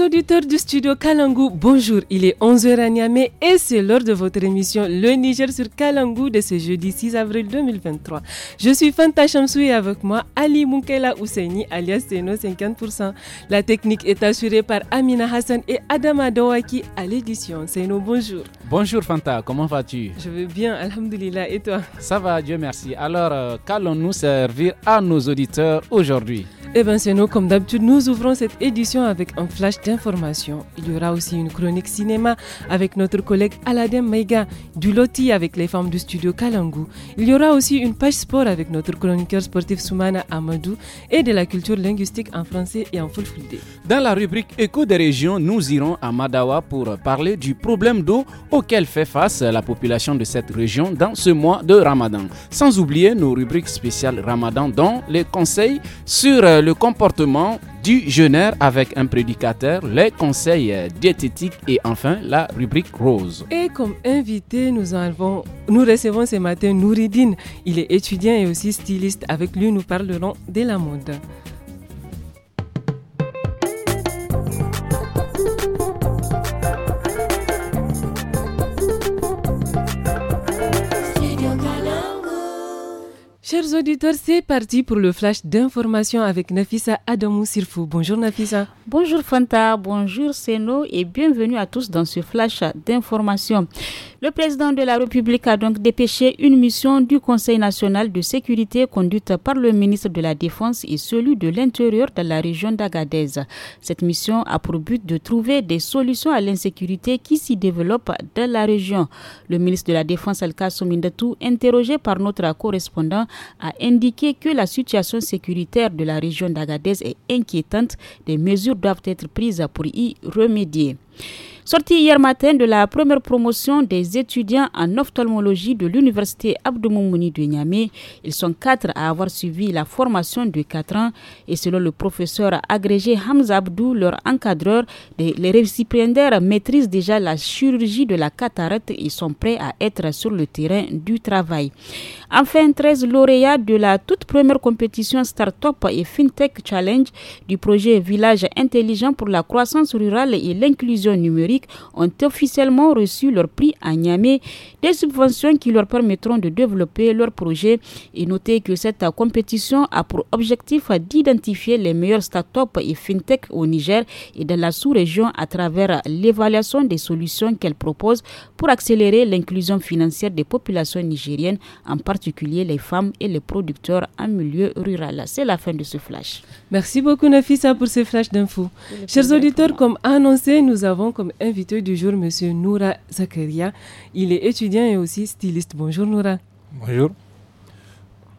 auditeurs du studio Kalangu, bonjour. Il est 11h à Niamey et c'est l'heure de votre émission Le Niger sur Kalangu de ce jeudi 6 avril 2023. Je suis Fanta Chamsou et avec moi Ali Moukela Ousseini alias Teno 50%. La technique est assurée par Amina Hassan et Adama Dawaki à l'édition. Seno, bonjour. Bonjour Fanta, comment vas-tu Je vais bien, Alhamdulillah. Et toi Ça va, Dieu merci. Alors, euh, qu'allons-nous servir à nos auditeurs aujourd'hui eh bien, c'est nous, comme d'habitude, nous ouvrons cette édition avec un flash d'informations. Il y aura aussi une chronique cinéma avec notre collègue Aladdin Meiga du Loti avec les femmes du studio Kalangu. Il y aura aussi une page sport avec notre chroniqueur sportif Soumana Amadou et de la culture linguistique en français et en fulfulde. Dans la rubrique Écho des régions, nous irons à Madawa pour parler du problème d'eau auquel fait face la population de cette région dans ce mois de Ramadan. Sans oublier nos rubriques spéciales Ramadan dont les conseils sur le comportement du jeûneur avec un prédicateur, les conseils diététiques et enfin la rubrique rose. Et comme invité, nous, nous recevons ce matin Nouridine. Il est étudiant et aussi styliste. Avec lui, nous parlerons de la mode. Chers auditeurs, c'est parti pour le flash d'information avec Nafissa Adamou Sirfou. Bonjour Nafissa. Bonjour Fanta, bonjour Seno et bienvenue à tous dans ce flash d'information. Le président de la République a donc dépêché une mission du Conseil national de sécurité conduite par le ministre de la Défense et celui de l'Intérieur de la région d'Agadez. Cette mission a pour but de trouver des solutions à l'insécurité qui s'y développe dans la région. Le ministre de la Défense, Al-Kassoum interrogé par notre correspondant, a indiqué que la situation sécuritaire de la région d'Agadez est inquiétante. Des mesures doivent être prises pour y remédier. Sorti hier matin de la première promotion des étudiants en ophtalmologie de l'université Moumouni de Niamey, ils sont quatre à avoir suivi la formation de quatre ans et selon le professeur agrégé Hamza Abdou, leur encadreur, les récipiendaires maîtrisent déjà la chirurgie de la cataracte et sont prêts à être sur le terrain du travail. Enfin, 13 lauréats de la toute première compétition Startup et FinTech Challenge du projet Village intelligent pour la croissance rurale et l'inclusion numériques ont officiellement reçu leur prix à Niamey, des subventions qui leur permettront de développer leurs projets. Et notez que cette compétition a pour objectif d'identifier les meilleures start-up et fintech au Niger et dans la sous-région à travers l'évaluation des solutions qu'elles proposent pour accélérer l'inclusion financière des populations nigériennes, en particulier les femmes et les producteurs en milieu rural. C'est la fin de ce flash. Merci beaucoup Nafisa pour ce flash d'infos. Chers auditeurs, comme annoncé, nous avons avons comme invité du jour Monsieur Noura Zakaria. Il est étudiant et aussi styliste. Bonjour Noura. Bonjour.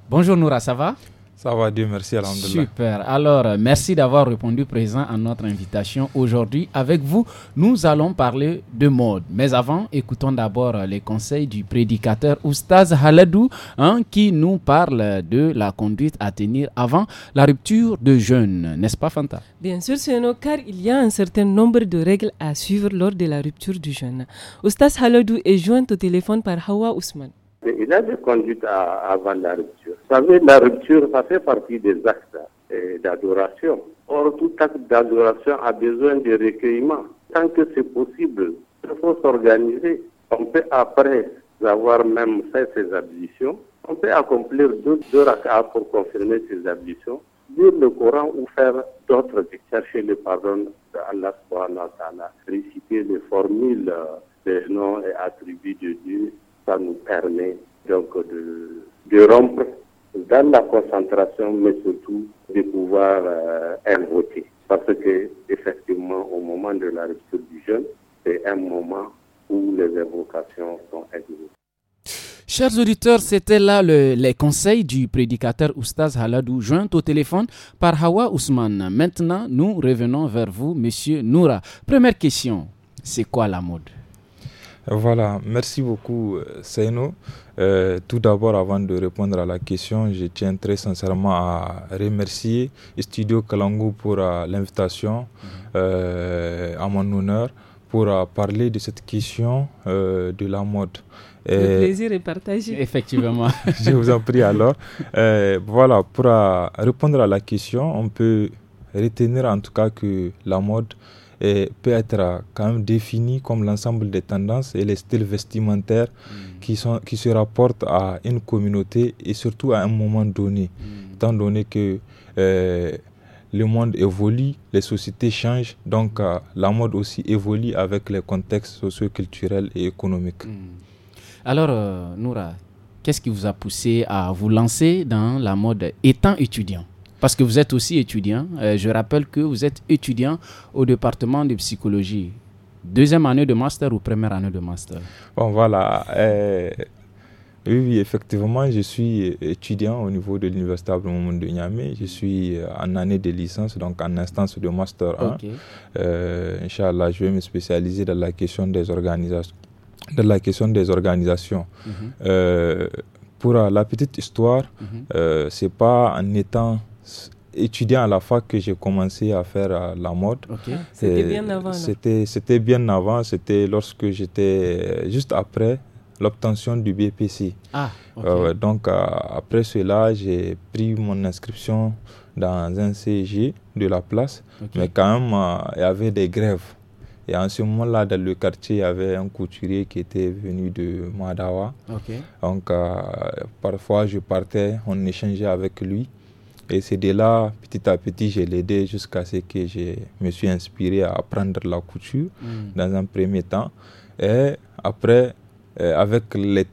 Bonjour Noura, ça va ça va, Dieu merci, Alhamdulillah. Super. Alors, euh, merci d'avoir répondu présent à notre invitation aujourd'hui. Avec vous, nous allons parler de mode. Mais avant, écoutons d'abord euh, les conseils du prédicateur Oustaz Haladou, hein, qui nous parle de la conduite à tenir avant la rupture de jeûne. N'est-ce pas, Fanta Bien sûr, c'est nos car il y a un certain nombre de règles à suivre lors de la rupture du jeûne. Oustaz Haladou est joint au téléphone par Hawa Ousmane il a des conduites avant la rupture. Vous savez, la rupture, ça fait partie des actes euh, d'adoration. Or, tout acte d'adoration a besoin de recueillement. Tant que c'est possible, il faut s'organiser. On peut, après avoir même fait ses ablutions, on peut accomplir deux, deux pour confirmer ses ablutions, lire le Coran ou faire d'autres, chercher le pardon d'Allah, réciter les formules, euh, les noms et attributs de Dieu ça nous permet donc de, rompre dans la concentration, mais surtout de pouvoir euh, invoquer. Parce que, effectivement, au moment de la rupture du jeune, c'est un moment où les invocations sont invoquées. Chers auditeurs, c'était là les conseils du prédicateur Oustaz Haladou, joint au téléphone par Hawa Ousmane. Maintenant, nous revenons vers vous, Monsieur Noura. Première question, c'est quoi la mode voilà, merci beaucoup euh, Seino. Euh, tout d'abord, avant de répondre à la question, je tiens très sincèrement à remercier Studio Kalangu pour euh, l'invitation mhm. à mon honneur pour parler de cette question de la mode. le plaisir est partagé. Effectivement. je vous en prie alors. voilà, pour répondre à la question, on peut retenir en tout cas que la mode peut être quand même défini comme l'ensemble des tendances et les styles vestimentaires mm. qui, sont, qui se rapportent à une communauté et surtout à un moment donné, mm. étant donné que euh, le monde évolue, les sociétés changent, donc euh, la mode aussi évolue avec les contextes socio-culturels et économiques. Mm. Alors, euh, Noura, qu'est-ce qui vous a poussé à vous lancer dans la mode étant étudiant parce que vous êtes aussi étudiant. Euh, je rappelle que vous êtes étudiant au département de psychologie. Deuxième année de master ou première année de master Bon, voilà. Euh, oui, oui, effectivement, je suis étudiant au niveau de l'Université Abdelmoumoune de Niamey. Je suis euh, en année de licence, donc en instance de master 1. Inch'Allah, je vais me spécialiser dans la question des organisations. de la question des organisations. Mhm. pour la petite histoire, mhm. c'est pas en étant étudiant à la fac que j'ai commencé à faire euh, la mode. Ah, c'était bien avant. C'était bien avant, c'était lorsque j'étais euh, juste après l'obtention du BPC. Ah, euh, donc après cela, j'ai pris mon inscription dans un CG de la place, mais quand même, il y avait des grèves. Et en ce moment-là, dans le quartier, il y avait un couturier qui était venu de Madawa. Donc, parfois, je partais, on échangeait avec lui. Et c'est de là, petit à petit, j'ai l'aidé jusqu'à ce que je me suis inspiré à apprendre la couture mm. dans un premier temps. Et après, euh, avec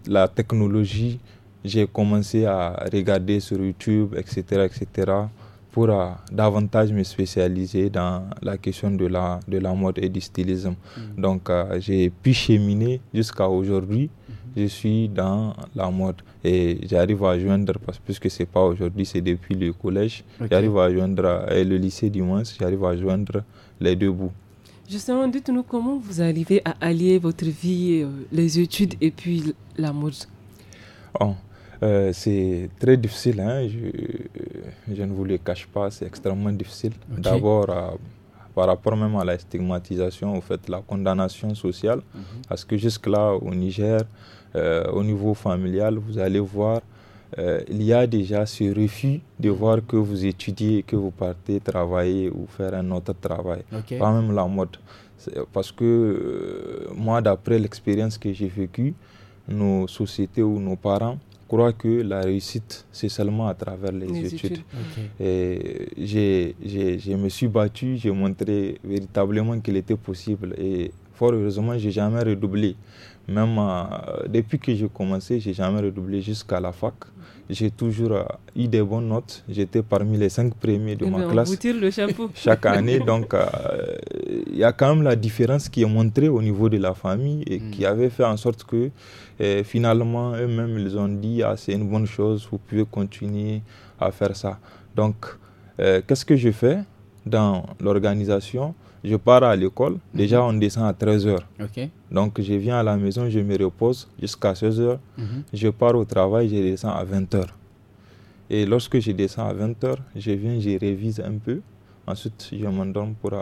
la technologie, j'ai commencé à regarder sur YouTube, etc., etc., pour euh, davantage me spécialiser dans la question de la, de la mode et du stylisme. Mm. Donc, euh, j'ai pu cheminer jusqu'à aujourd'hui je suis dans la mode et j'arrive à joindre, parce que ce n'est pas aujourd'hui, c'est depuis le collège, j'arrive à joindre, et le lycée du moins, j'arrive à joindre les deux bouts. Justement, dites-nous comment vous arrivez à allier votre vie, euh, les études et puis la mode oh, C'est très difficile, hein? je, je, ne vous le cache pas, c'est extrêmement difficile. D'abord, par rapport même à la stigmatisation, au fait, la condamnation sociale. Mhm. Parce que jusque-là, au Niger, euh, au niveau familial, vous allez voir, euh, il y a déjà ce refus de voir que vous étudiez, que vous partez travailler ou faire un autre travail. Pas même la mode. Parce que euh, moi, d'après l'expérience que j'ai vécue, nos sociétés ou nos parents, crois que la réussite, c'est seulement à travers les, études. Et je me suis battu, j'ai montré véritablement qu'il était possible. Et Heureusement, heureusement, j'ai jamais redoublé. Même euh, depuis que j'ai commencé, j'ai jamais redoublé jusqu'à la fac. J'ai toujours euh, eu des bonnes notes. J'étais parmi les cinq premiers de eh ma ben, classe. Chaque année, donc euh, il y a quand même la différence qui est montrée au niveau de la famille et hmm. qui avait fait en sorte que finalement eux-mêmes ils ont dit ah c'est une bonne chose, vous pouvez continuer à faire ça. Donc qu'est-ce que je fais dans l'organisation je pars à l'école. Mhm. Déjà, on descend à 13h. Donc, je viens à la maison, je me repose jusqu'à 16h. Mhm. Je pars au travail, je descends à 20h. Et lorsque je descends à 20h, je viens, je révise un peu. Ensuite, je m'endorme pour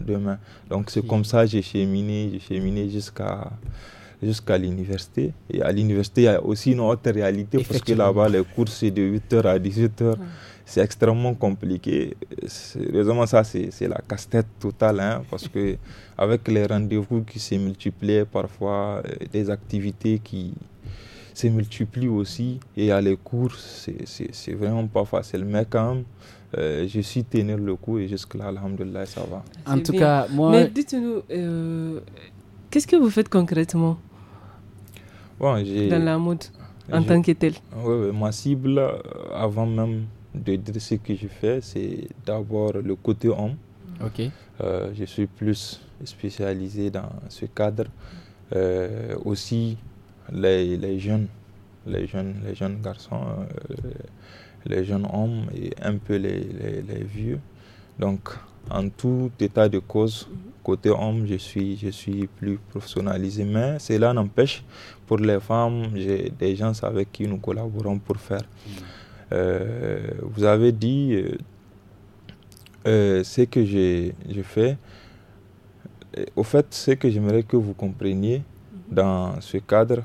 demain. Donc, c'est comme ça j'ai cheminé, j'ai cheminé jusqu'à jusqu'à l'université. Et à l'université, il y a aussi une autre réalité parce que là-bas, les cours, c'est de 8h à 18h c'est extrêmement compliqué. Raisonnement, ça, c'est la casse-tête totale, hein, parce que avec les rendez-vous qui se multiplient, parfois, euh, des activités qui se multiplient aussi, et à les cours, c'est vraiment pas facile. Mais quand même, euh, je suis tenir le coup, et jusque-là, alhamdulillah, ça va. En tout cas, moi. Mais dites-nous, euh, qu'est-ce que vous faites concrètement bon, Dans la mode, en tant que tel Oui, ouais, ma cible, avant même de dire ce que je fais, c'est d'abord le côté homme. Ok. Euh, je suis plus spécialisé dans ce cadre. Euh, aussi, les, les, jeunes, les jeunes, les jeunes garçons, euh, les jeunes hommes et un peu les, les, vieux. Donc, en tout état de cause, côté homme, je suis, je suis plus professionnalisé. Mais cela n'empêche, pour les femmes, j'ai des gens avec qui nous collaborons pour faire. Mm. Euh, vous avez dit euh, euh, ce que j'ai fait Au fait, ce que j'aimerais que vous compreniez dans ce cadre,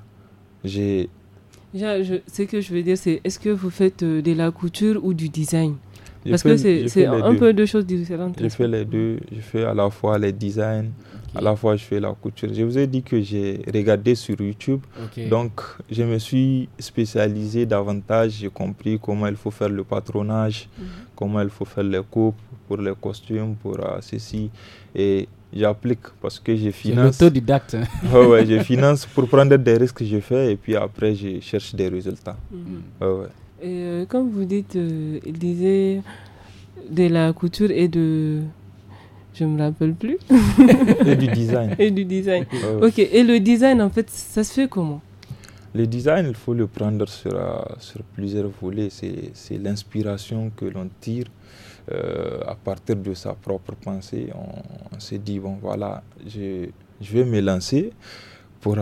j'ai... ce que je veux dire, c'est est-ce que vous faites de la couture ou du design parce que c'est un peu deux choses différentes. Je fais les deux. Je fais à la fois les designs, à la fois je fais la couture. Je vous ai dit que j'ai regardé sur YouTube. Donc, je me suis spécialisé davantage. J'ai compris comment il faut faire le patronage, mhm. comment il faut faire les coupes pour les costumes, pour euh, ceci. Et j'applique parce que je finance. autodidacte ouais, ouais, je finance pour prendre des risques que je fais et puis après, je cherche des résultats. Oui, mhm. oui. ouais, ouais. Et euh, comme vous dites, euh, il disait de la couture et de je ne me rappelle plus. et du design. Et du design. ok, et le design, en fait, ça se fait comment Le design, il faut le prendre sur, euh, sur plusieurs volets. C'est l'inspiration que l'on tire à partir de sa propre pensée. On, se dit, bon, voilà, je, vais me lancer pour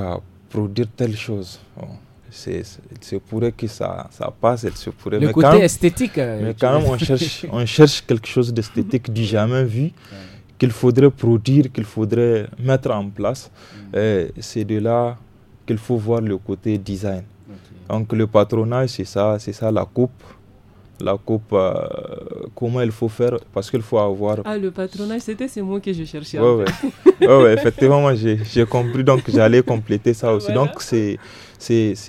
produire telle chose il se pourrait que ça, passe, Le côté esthétique. Euh, mais quand même, on cherche, on cherche quelque chose d'esthétique du jamais vu, qu'il faudrait produire, qu'il faudrait mettre en place. Mm. Euh, c'est de là qu'il faut voir le côté design. Donc le patronage, c'est ça, c'est ça la coupe, la coupe, euh, comment il faut faire, parce qu'il faut avoir... Ah, le patronage, c'était ce mot que je cherchais. Oui, ouais. ouais, effectivement, moi j'ai compris, donc j'allais compléter ça aussi. Donc c'est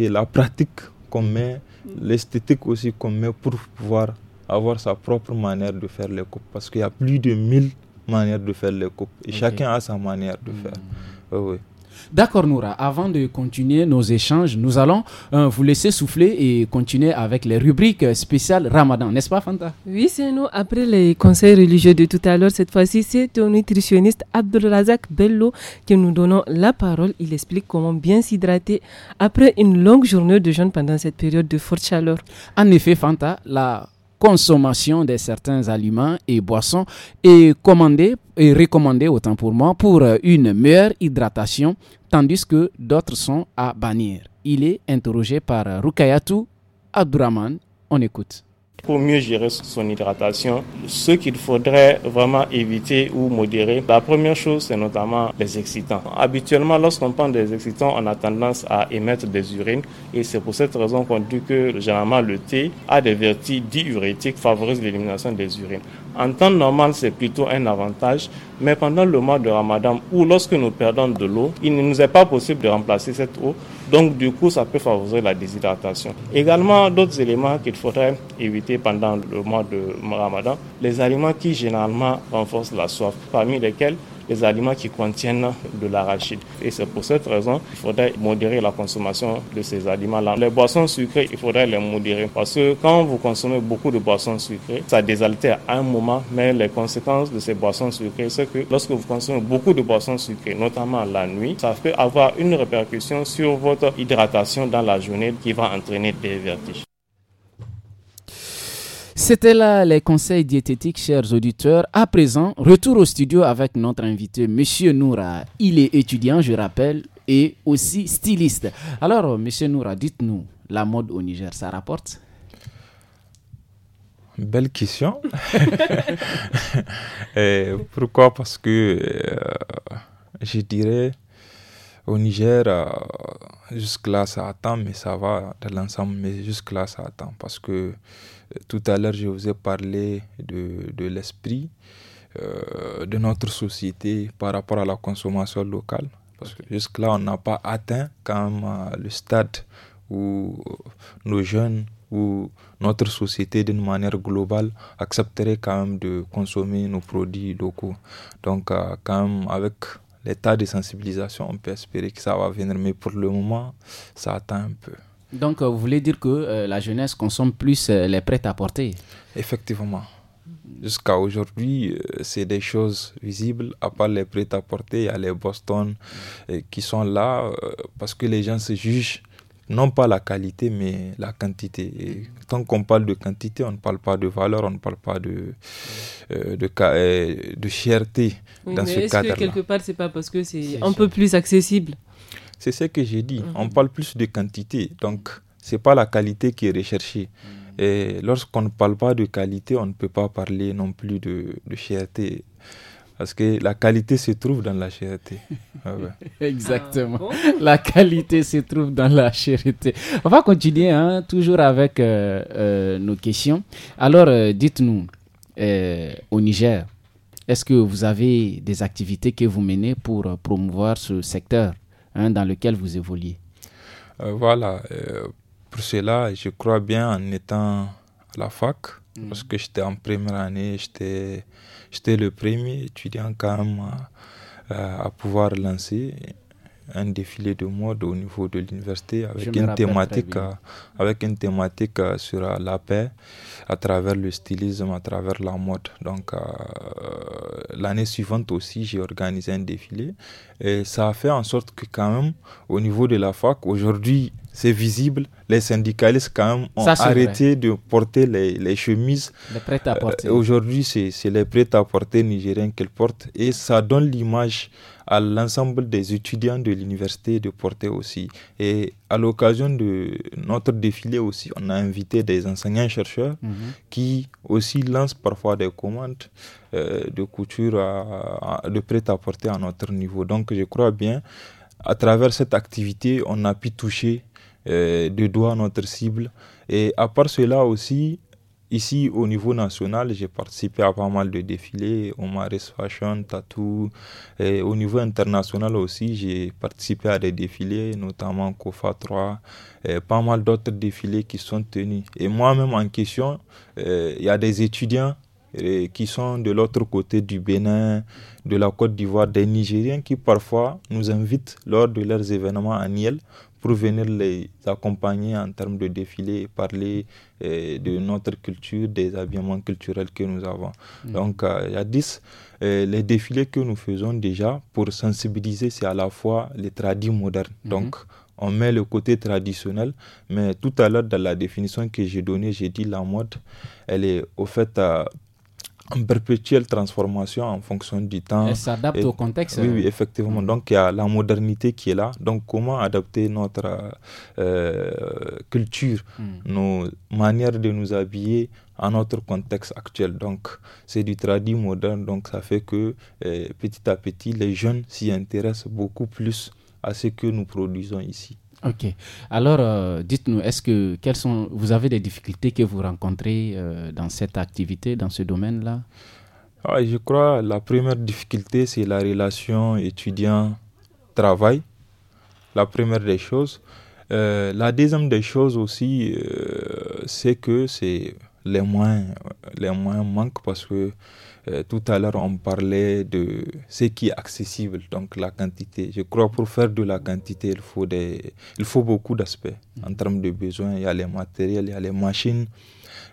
la pratique qu'on met, mm. l'esthétique aussi qu'on met pour pouvoir avoir sa propre manière de faire les coupes, parce qu'il y a plus de 1000 manières de faire les coupes, et chacun a sa manière de mm. faire. oui Ouais, D'accord, Noura, avant de continuer nos échanges, nous allons euh, vous laisser souffler et continuer avec les rubriques spéciales Ramadan, n'est-ce pas, Fanta Oui, c'est nous. Après les conseils religieux de tout à l'heure, cette fois-ci, c'est au nutritionniste Abdelrazak Bello qui nous donne la parole. Il explique comment bien s'hydrater après une longue journée de jeûne pendant cette période de forte chaleur. En effet, Fanta, la consommation de certains aliments et boissons est et recommandée autant pour moi pour euh, une meilleure hydratation, tandis que d'autres sont à bannir. Il est interrogé par euh, Rukayatu Abdurrahman. On écoute. Pour mieux gérer son hydratation, ce qu'il faudrait vraiment éviter ou modérer, la première chose, c'est notamment les excitants. Habituellement, lorsqu'on prend des excitants, on a tendance à émettre des urines et c'est pour cette raison qu'on dit que généralement le thé a des vertus diurétiques, favorise l'élimination des urines. En temps normal, c'est plutôt un avantage mais pendant le mois de Ramadan, ou lorsque nous perdons de l'eau, il ne nous est pas possible de remplacer cette eau. Donc, du coup, ça peut favoriser la déshydratation. Également, d'autres éléments qu'il faudrait éviter pendant le mois de Ramadan, les aliments qui généralement renforcent la soif, parmi lesquels les aliments qui contiennent de l'arachide. Et c'est pour cette raison qu'il faudrait modérer la consommation de ces aliments-là. Les boissons sucrées, il faudrait les modérer parce que quand vous consommez beaucoup de boissons sucrées, ça désaltère à un moment, mais les conséquences de ces boissons sucrées, c'est que lorsque vous consommez beaucoup de boissons sucrées, notamment la nuit, ça peut avoir une répercussion sur votre hydratation dans la journée qui va entraîner des vertiges. C'était là les conseils diététiques, chers auditeurs. À présent, retour au studio avec notre invité, Monsieur Noura. Il est étudiant, je rappelle, et aussi styliste. Alors, Monsieur Noura, dites-nous, la mode au Niger, ça rapporte Belle question. Eh, pourquoi Parce que euh, je dirais au Niger, euh, jusque-là ça attend, mais ça va de l'ensemble, mais jusque-là ça attend. Parce que tout à l'heure, je vous ai parlé de, l'esprit euh, de notre société par rapport à la consommation locale. Parce que jusque-là, on n'a pas atteint quand euh, le stade où euh, nos jeunes ou notre société d'une manière globale accepterait quand même de consommer nos produits locaux. Donc quand même avec l'état de sensibilisation, on peut espérer que ça va venir, mais pour le moment, ça attend un peu. Donc, euh, vous voulez dire que euh, la jeunesse consomme plus euh, les prêts-à-porter Effectivement. Jusqu'à aujourd'hui, c'est des choses visibles, à part les prêts-à-porter, il y a les Boston qui sont là parce que les gens se jugent non pas la qualité, mais la quantité. tant qu'on parle de quantité, on ne parle pas de valeur, on ne parle pas de, de, dans ce cadre est que quelque part, c'est pas parce que c'est un peu plus accessible c'est ce que j'ai dit. Mhm. On parle plus de quantité. Donc, ce n'est pas la qualité qui est recherchée. Mhm. Et lorsqu'on ne parle pas de qualité, on ne peut pas parler non plus de, de Parce que la qualité se trouve dans la chérité. Ah Exactement. Ah, la qualité se trouve dans la chérité. On va continuer hein, toujours avec euh, euh, nos questions. Alors, euh, dites-nous, au Niger, est-ce que vous avez des activités que vous menez pour promouvoir ce secteur Hein, dans lequel vous évoluez euh, Voilà, euh, pour cela, je crois bien en étant à la fac, mm. parce que j'étais en première année, j'étais le premier étudiant quand même à, euh, à pouvoir lancer un défilé de mode au niveau de l'université avec, une thématique, avec une thématique euh, sur euh, la paix à travers le stylisme, à travers la mode. Donc euh, l'année suivante aussi, j'ai organisé un défilé et ça a fait en sorte que quand même au niveau de la fac, aujourd'hui, c'est visible. Les syndicalistes, quand même, ont arrêté de porter les, les chemises. Les à porter Aujourd'hui, c'est les prêts-à-porter nigériens qu'elles portent. Et ça donne l'image à l'ensemble des étudiants de l'université de porter aussi. Et à l'occasion de notre défilé aussi, on a invité des enseignants-chercheurs mhm. qui aussi lancent parfois des commandes euh, de couture, de prêt-à-porter à notre niveau. Donc je crois bien, à travers cette activité, on a pu toucher euh, de doigt notre cible. Et à part cela aussi, ici, au niveau national, j'ai participé à pas mal de défilés, Omaris Fashion, Tattoo. Et au niveau international aussi, j'ai participé à des défilés, notamment Kofa 3, et pas mal d'autres défilés qui sont tenus. Et moi-même en question, euh, il y a des étudiants euh, qui sont de l'autre côté du Bénin, de la Côte d'Ivoire, des Nigériens qui parfois nous invitent lors de leurs événements annuels pour venir les accompagner en termes de défilés, et parler euh, de notre culture, des habillements culturels que nous avons. Mm. Donc, il y a 10 les défilés que nous faisons déjà pour sensibiliser, c'est à la fois les tradis modernes. Mm-hmm. Donc, on met le côté traditionnel, mais tout à l'heure, dans la définition que j'ai donnée, j'ai dit la mode, elle est au fait euh, une perpétuelle transformation en fonction du temps. Elle s'adapte au contexte. Oui, oui effectivement. Donc il y a la modernité qui est là. Donc comment adapter notre euh, culture, hmm. nos manières de nous habiller à notre contexte actuel. Donc c'est du tradit moderne. Donc ça fait que euh, petit à petit les jeunes s'y intéressent beaucoup plus à ce que nous produisons ici. Ok. Alors, euh, dites-nous, est-ce que quelles sont, vous avez des difficultés que vous rencontrez euh, dans cette activité, dans ce domaine-là ah, Je crois la première difficulté, c'est la relation étudiant-travail, la première des choses. Euh, la deuxième des choses aussi, c'est que c'est les moins, les moins manquent parce que euh, tout à l'heure, on parlait de ce qui est accessible, donc la quantité. Je crois que pour faire de la quantité, il faut, des, il faut beaucoup d'aspects. Mm. En termes de besoins, il y a les matériels, il y a les machines,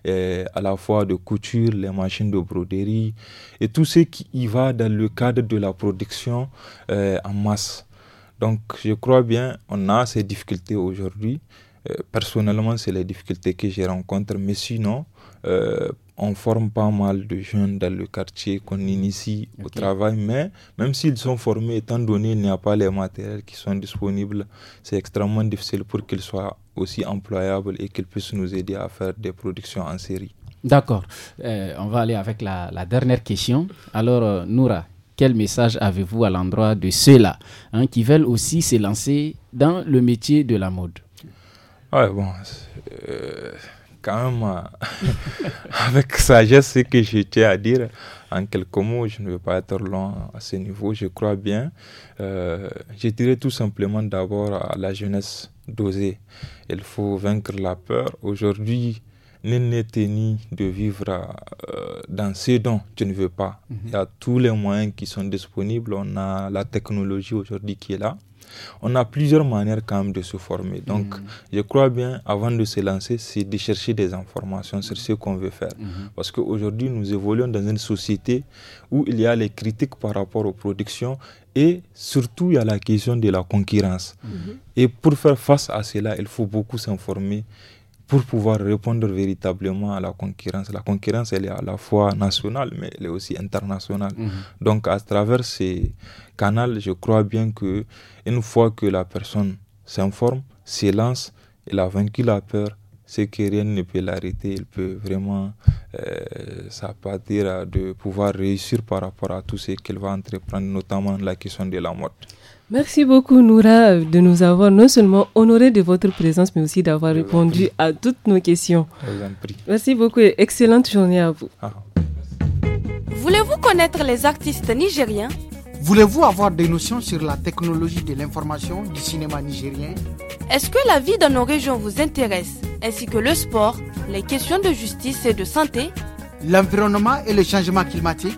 euh, à la fois de couture, les machines de broderie, et tout ce qui y va dans le cadre de la production euh, en masse. Donc, je crois bien, on a ces difficultés aujourd'hui. personnellement, c'est les difficultés que j'ai rencontrées, mais sinon, on forme pas mal de jeunes dans le quartier qu'on initie au travail, mais même s'ils sont formés, étant donné qu'il n'y a pas les matériels qui sont disponibles, c'est extrêmement difficile pour qu'ils soient aussi employables et qu'ils puissent nous aider à faire des productions en série. D'accord. Euh, on va aller avec la, dernière question. Alors, euh, Noura, quel message avez-vous à l'endroit de ceux-là hein, qui veulent aussi se lancer dans le métier de la mode Ouais, bon quand même, avec sagesse, ce que j'étais à dire en quelques mots, je ne vais pas être long à ce niveau, je crois bien. Euh, je dirais tout simplement d'abord à la jeunesse d'oser. Il faut vaincre la peur. Aujourd'hui, nest n'est ni de vivre euh, dans ce dont tu ne veux pas. Mhm. Il y a tous les moyens qui sont disponibles. On a la technologie aujourd'hui qui est là. On a plusieurs manières quand même de se former. Donc, mm. je crois bien, avant de se lancer, c'est de chercher des informations sur ce qu'on veut faire. Mm-hmm. Parce qu'aujourd'hui, nous évoluons dans une société où il y a les critiques par rapport aux productions et surtout, il y a la question de la concurrence. Mm-hmm. Et pour faire face à cela, il faut beaucoup s'informer pour pouvoir répondre véritablement à la concurrence. La concurrence, elle est à la fois nationale, mais elle est aussi internationale. Mhm. Donc, à travers ces canaux, je crois bien que une fois que la personne s'informe, s'élance, elle a vaincu la peur, c'est que rien ne peut l'arrêter. Il peut vraiment euh, à de pouvoir réussir par rapport à tout ce qu'elle va entreprendre, notamment la question de la mode. Merci beaucoup Noura de nous avoir non seulement honoré de votre présence, mais aussi d'avoir répondu à toutes nos questions. Merci beaucoup et excellente journée à vous. Ah. Voulez-vous connaître les artistes nigériens Voulez-vous avoir des notions sur la technologie de l'information du cinéma nigérien Est-ce que la vie dans nos régions vous intéresse, ainsi que le sport, les questions de justice et de santé L'environnement et le changement climatique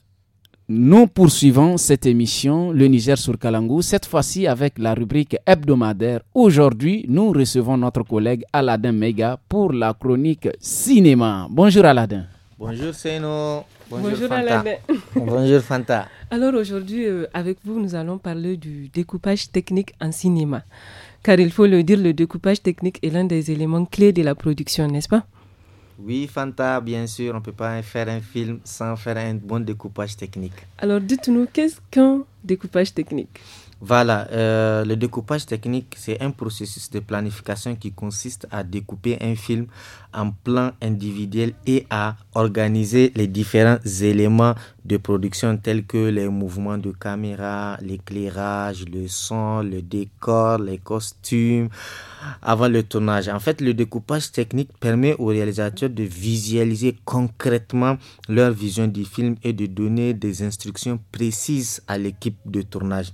nous poursuivons cette émission, le Niger sur Kalangou, cette fois-ci avec la rubrique hebdomadaire. Aujourd'hui, nous recevons notre collègue Aladin Mega pour la chronique cinéma. Bonjour Aladin. Bonjour Seno. Bonjour, Bonjour Fanta. Alors aujourd'hui, euh, avec vous, nous allons parler du découpage technique en cinéma. Car il faut le dire, le découpage technique est l'un des éléments clés de la production, n'est-ce pas oui, Fanta, bien sûr, on ne peut pas faire un film sans faire un bon découpage technique. Alors dites-nous, qu'est-ce qu'un découpage technique voilà, euh, le découpage technique, c'est un processus de planification qui consiste à découper un film en plans individuels et à organiser les différents éléments de production tels que les mouvements de caméra, l'éclairage, le son, le décor, les costumes avant le tournage. En fait, le découpage technique permet aux réalisateurs de visualiser concrètement leur vision du film et de donner des instructions précises à l'équipe de tournage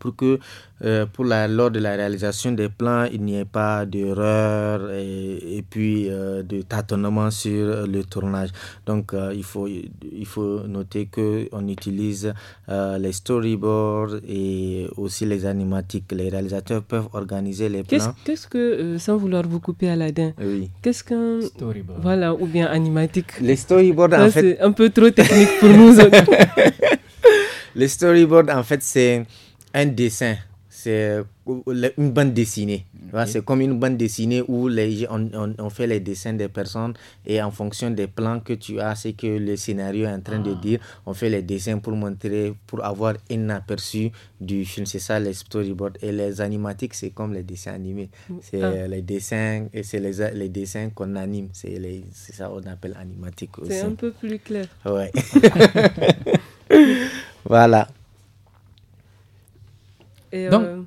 pour que euh, pour la, lors de la réalisation des plans, il n'y ait pas d'erreur et, puis euh, de tâtonnement sur le tournage. Donc euh, il, faut, il faut noter qu'on utilise les storyboards et aussi les animatiques. Les réalisateurs peuvent organiser les plans. Qu'est-ce que, sans vouloir vous couper Aladdin, qu'est-ce qu'un storyboard Voilà, ou bien animatique. Les storyboards, en fait... C'est un peu trop technique pour nous. les storyboards, en fait, c'est un dessin, c'est une bande dessinée. C'est comme une bande dessinée où les, on, fait les dessins des personnes et en fonction des plans que tu as, c'est que le scénario est en train de ah. dire, on fait les dessins pour montrer, pour avoir un aperçu du film. C'est ça les storyboards. Et les animatiques, c'est comme les dessins animés. Mm. C'est ah. euh, les dessins et c'est les, dessins qu'on anime. C'est ça qu'on appelle animatique aussi. C'est un peu plus clair. Ouais. voilà. Et Donc, euh,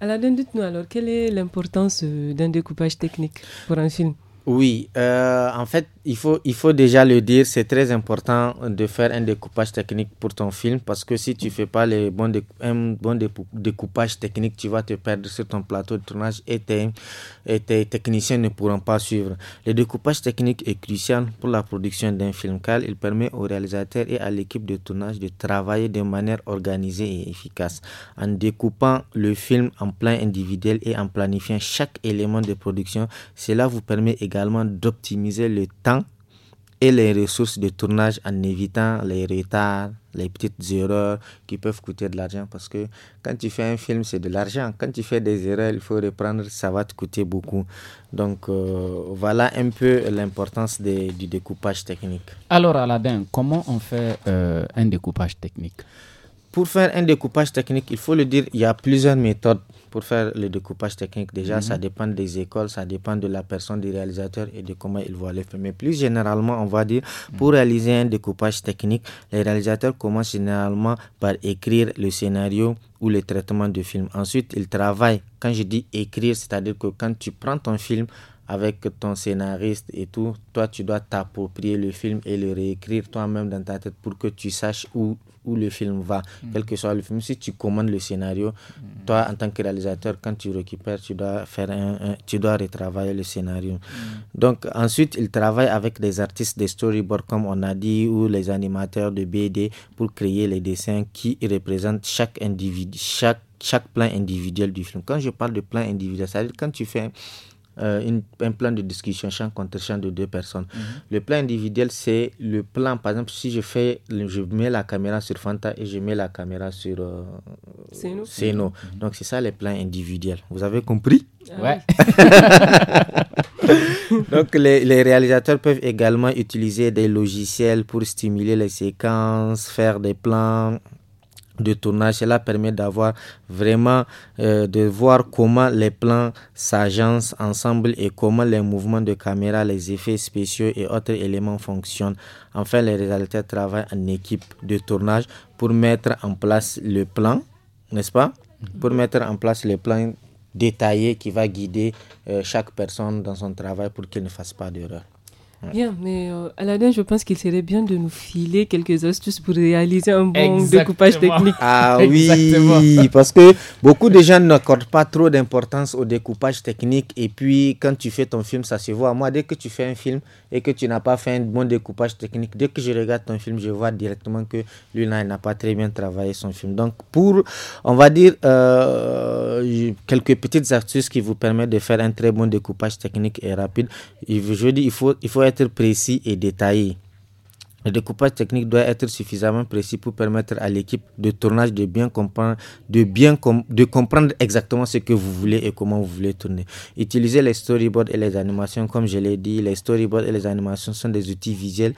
Aladdin, dites-nous alors, quelle est l'importance euh, d'un découpage technique pour un film Oui, euh, en fait, il faut, il faut déjà le dire, c'est très important de faire un découpage technique pour ton film parce que si tu ne fais pas les bons un bon découpage technique, tu vas te perdre sur ton plateau de tournage et tes, techniciens ne pourront pas suivre. Le découpage technique est crucial pour la production d'un film car il permet au réalisateur et à l'équipe de tournage de travailler de manière organisée et efficace en découpant le film en plans individuel et en planifiant chaque élément de production. Cela vous permet également d'optimiser le temps et les ressources de tournage en évitant les retards, les petites erreurs qui peuvent coûter de l'argent. Parce que quand tu fais un film, c'est de l'argent. Quand tu fais des erreurs, il faut reprendre, ça va te coûter beaucoup. Donc euh, voilà un peu l'importance du découpage technique. Alors Aladdin, comment on fait euh, un découpage technique pour faire un découpage technique, il faut le dire, il y a plusieurs méthodes pour faire le découpage technique, déjà, ça mhm. dépend des écoles, ça dépend de la personne, du réalisateur et de comment il voit le film. Mais plus généralement, on va dire, mhm. pour réaliser un découpage technique, les réalisateurs commencent généralement par écrire le scénario ou le traitement du film. Ensuite, ils travaillent. Quand je dis écrire, c'est-à-dire que quand tu prends ton film, avec ton scénariste et tout, toi tu dois t'approprier le film et le réécrire toi-même dans ta tête pour que tu saches où où le film va, mm. quel que soit le film. Si tu commandes le scénario, mm. toi, en tant que réalisateur, quand tu récupères, tu dois, faire un, tu dois retravailler le scénario. Mm. Donc, ensuite, il travaille avec des artistes des storyboards, comme on a dit, ou les animateurs de BD pour créer les dessins qui représentent chaque individu, chaque, chaque plan individuel du film. Quand je parle de plan individuel, cest veut dire quand tu fais euh, un plan de discussion champ contre champ de deux personnes. Mhm. Le plan individuel, c'est le plan, par exemple, si je fais, je mets la caméra sur Fanta et je mets la caméra sur c'est euh, nous mhm. mhm. Donc c'est ça les plans individuels. Vous avez ah compris Ouais. Donc les, les, réalisateurs peuvent également utiliser des logiciels pour stimuler les séquences, faire des plans, de tournage. Cela permet d'avoir vraiment euh, de voir comment les plans s'agencent ensemble et comment les mouvements de caméra, les effets spéciaux et autres éléments fonctionnent. Enfin, les réalisateurs travaillent en équipe de tournage pour mettre en place le plan, n'est-ce pas Pour mettre en place le plan détaillé qui va guider euh, chaque personne dans son travail pour qu'il ne fasse pas d'erreur. Bien, mais euh, Aladdin, je pense qu'il serait bien de nous filer quelques astuces pour réaliser un bon découpage technique. Ah oui, parce que beaucoup de gens n'accordent pas trop d'importance au découpage technique. Et puis, quand tu fais ton film, ça se voit. Moi, dès que tu fais un film et que tu n'as pas fait un bon découpage technique, dès que je regarde ton film, je vois directement que lui, là, il n'a pas très bien travaillé son film. Donc, pour, on va dire, euh, quelques petites astuces qui vous permettent de faire un très bon découpage technique et rapide, je dis, il faut, il faut être précis et détaillé. Le découpage technique doit être suffisamment précis pour permettre à l'équipe de tournage de bien comprendre, de bien comme de comprendre exactement ce que vous voulez et comment vous voulez tourner. Utilisez les storyboards et les animations. Comme je l'ai dit, les storyboards et les animations sont des outils visuels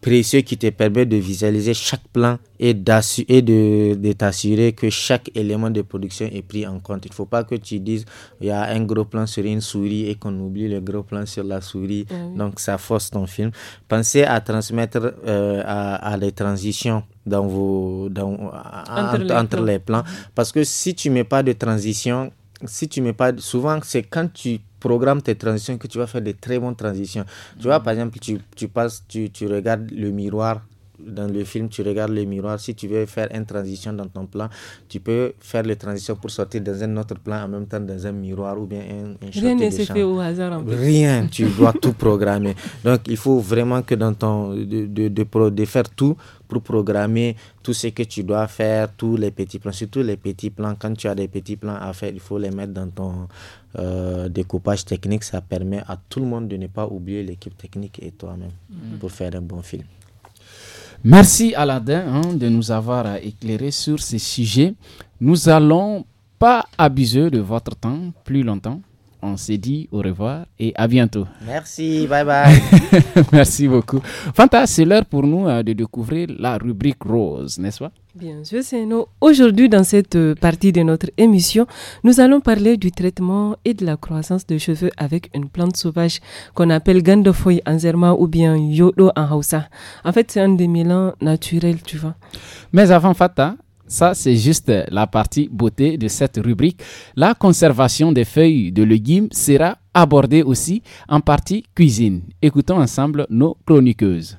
précieux qui te permet de visualiser chaque plan et, d'assurer de, t'assurer que chaque élément de production est pris en compte. Il ne faut pas que tu dises il y a un gros plan sur une souris et qu'on oublie le gros plan sur la souris. Ah Donc ça force ton film. Pensez à transmettre euh, à, les transitions dans vos, dans, entre, les, plans. Parce que si tu ne mets pas de transition, si tu mets pas. Souvent, c'est quand tu programme tes transitions que tu vas faire des très bonnes transitions. Tu vois, par exemple, tu, tu passes, tu, tu regardes le miroir dans le film, tu regardes le miroir. Si tu veux faire une transition dans ton plan, tu peux faire les transitions pour sortir dans un autre plan en même temps dans un miroir ou bien un, Rien ne fait au hasard. En Rien. Tu dois tout programmer. Donc, il faut vraiment que dans ton. de, de, de, faire tout pour programmer tout ce que tu dois faire, tous les petits plans, surtout les petits plans. Quand tu as des petits plans à faire, il faut les mettre dans ton euh, découpage technique. Ça permet à tout le monde de ne pas oublier l'équipe technique et toi-même mm. pour faire un bon film. Merci Aladin hein, de nous avoir éclairé sur ces sujets. Nous n'allons pas abuser de votre temps plus longtemps on se dit au revoir et à bientôt. Merci, bye bye. Merci beaucoup. Fanta, c'est l'heure pour nous euh, de découvrir la rubrique rose, n'est-ce pas Bien sûr, c'est nous. Aujourd'hui, dans cette euh, partie de notre émission, nous allons parler du traitement et de la croissance de cheveux avec une plante sauvage qu'on appelle gandofoy en zerma ou bien yodo en hausa. En fait, c'est un des mélans naturels, tu vois. Mais avant, Fanta, ça, c'est juste la partie beauté de cette rubrique. La conservation des feuilles de légumes sera abordée aussi en partie cuisine. Écoutons ensemble nos chroniqueuses.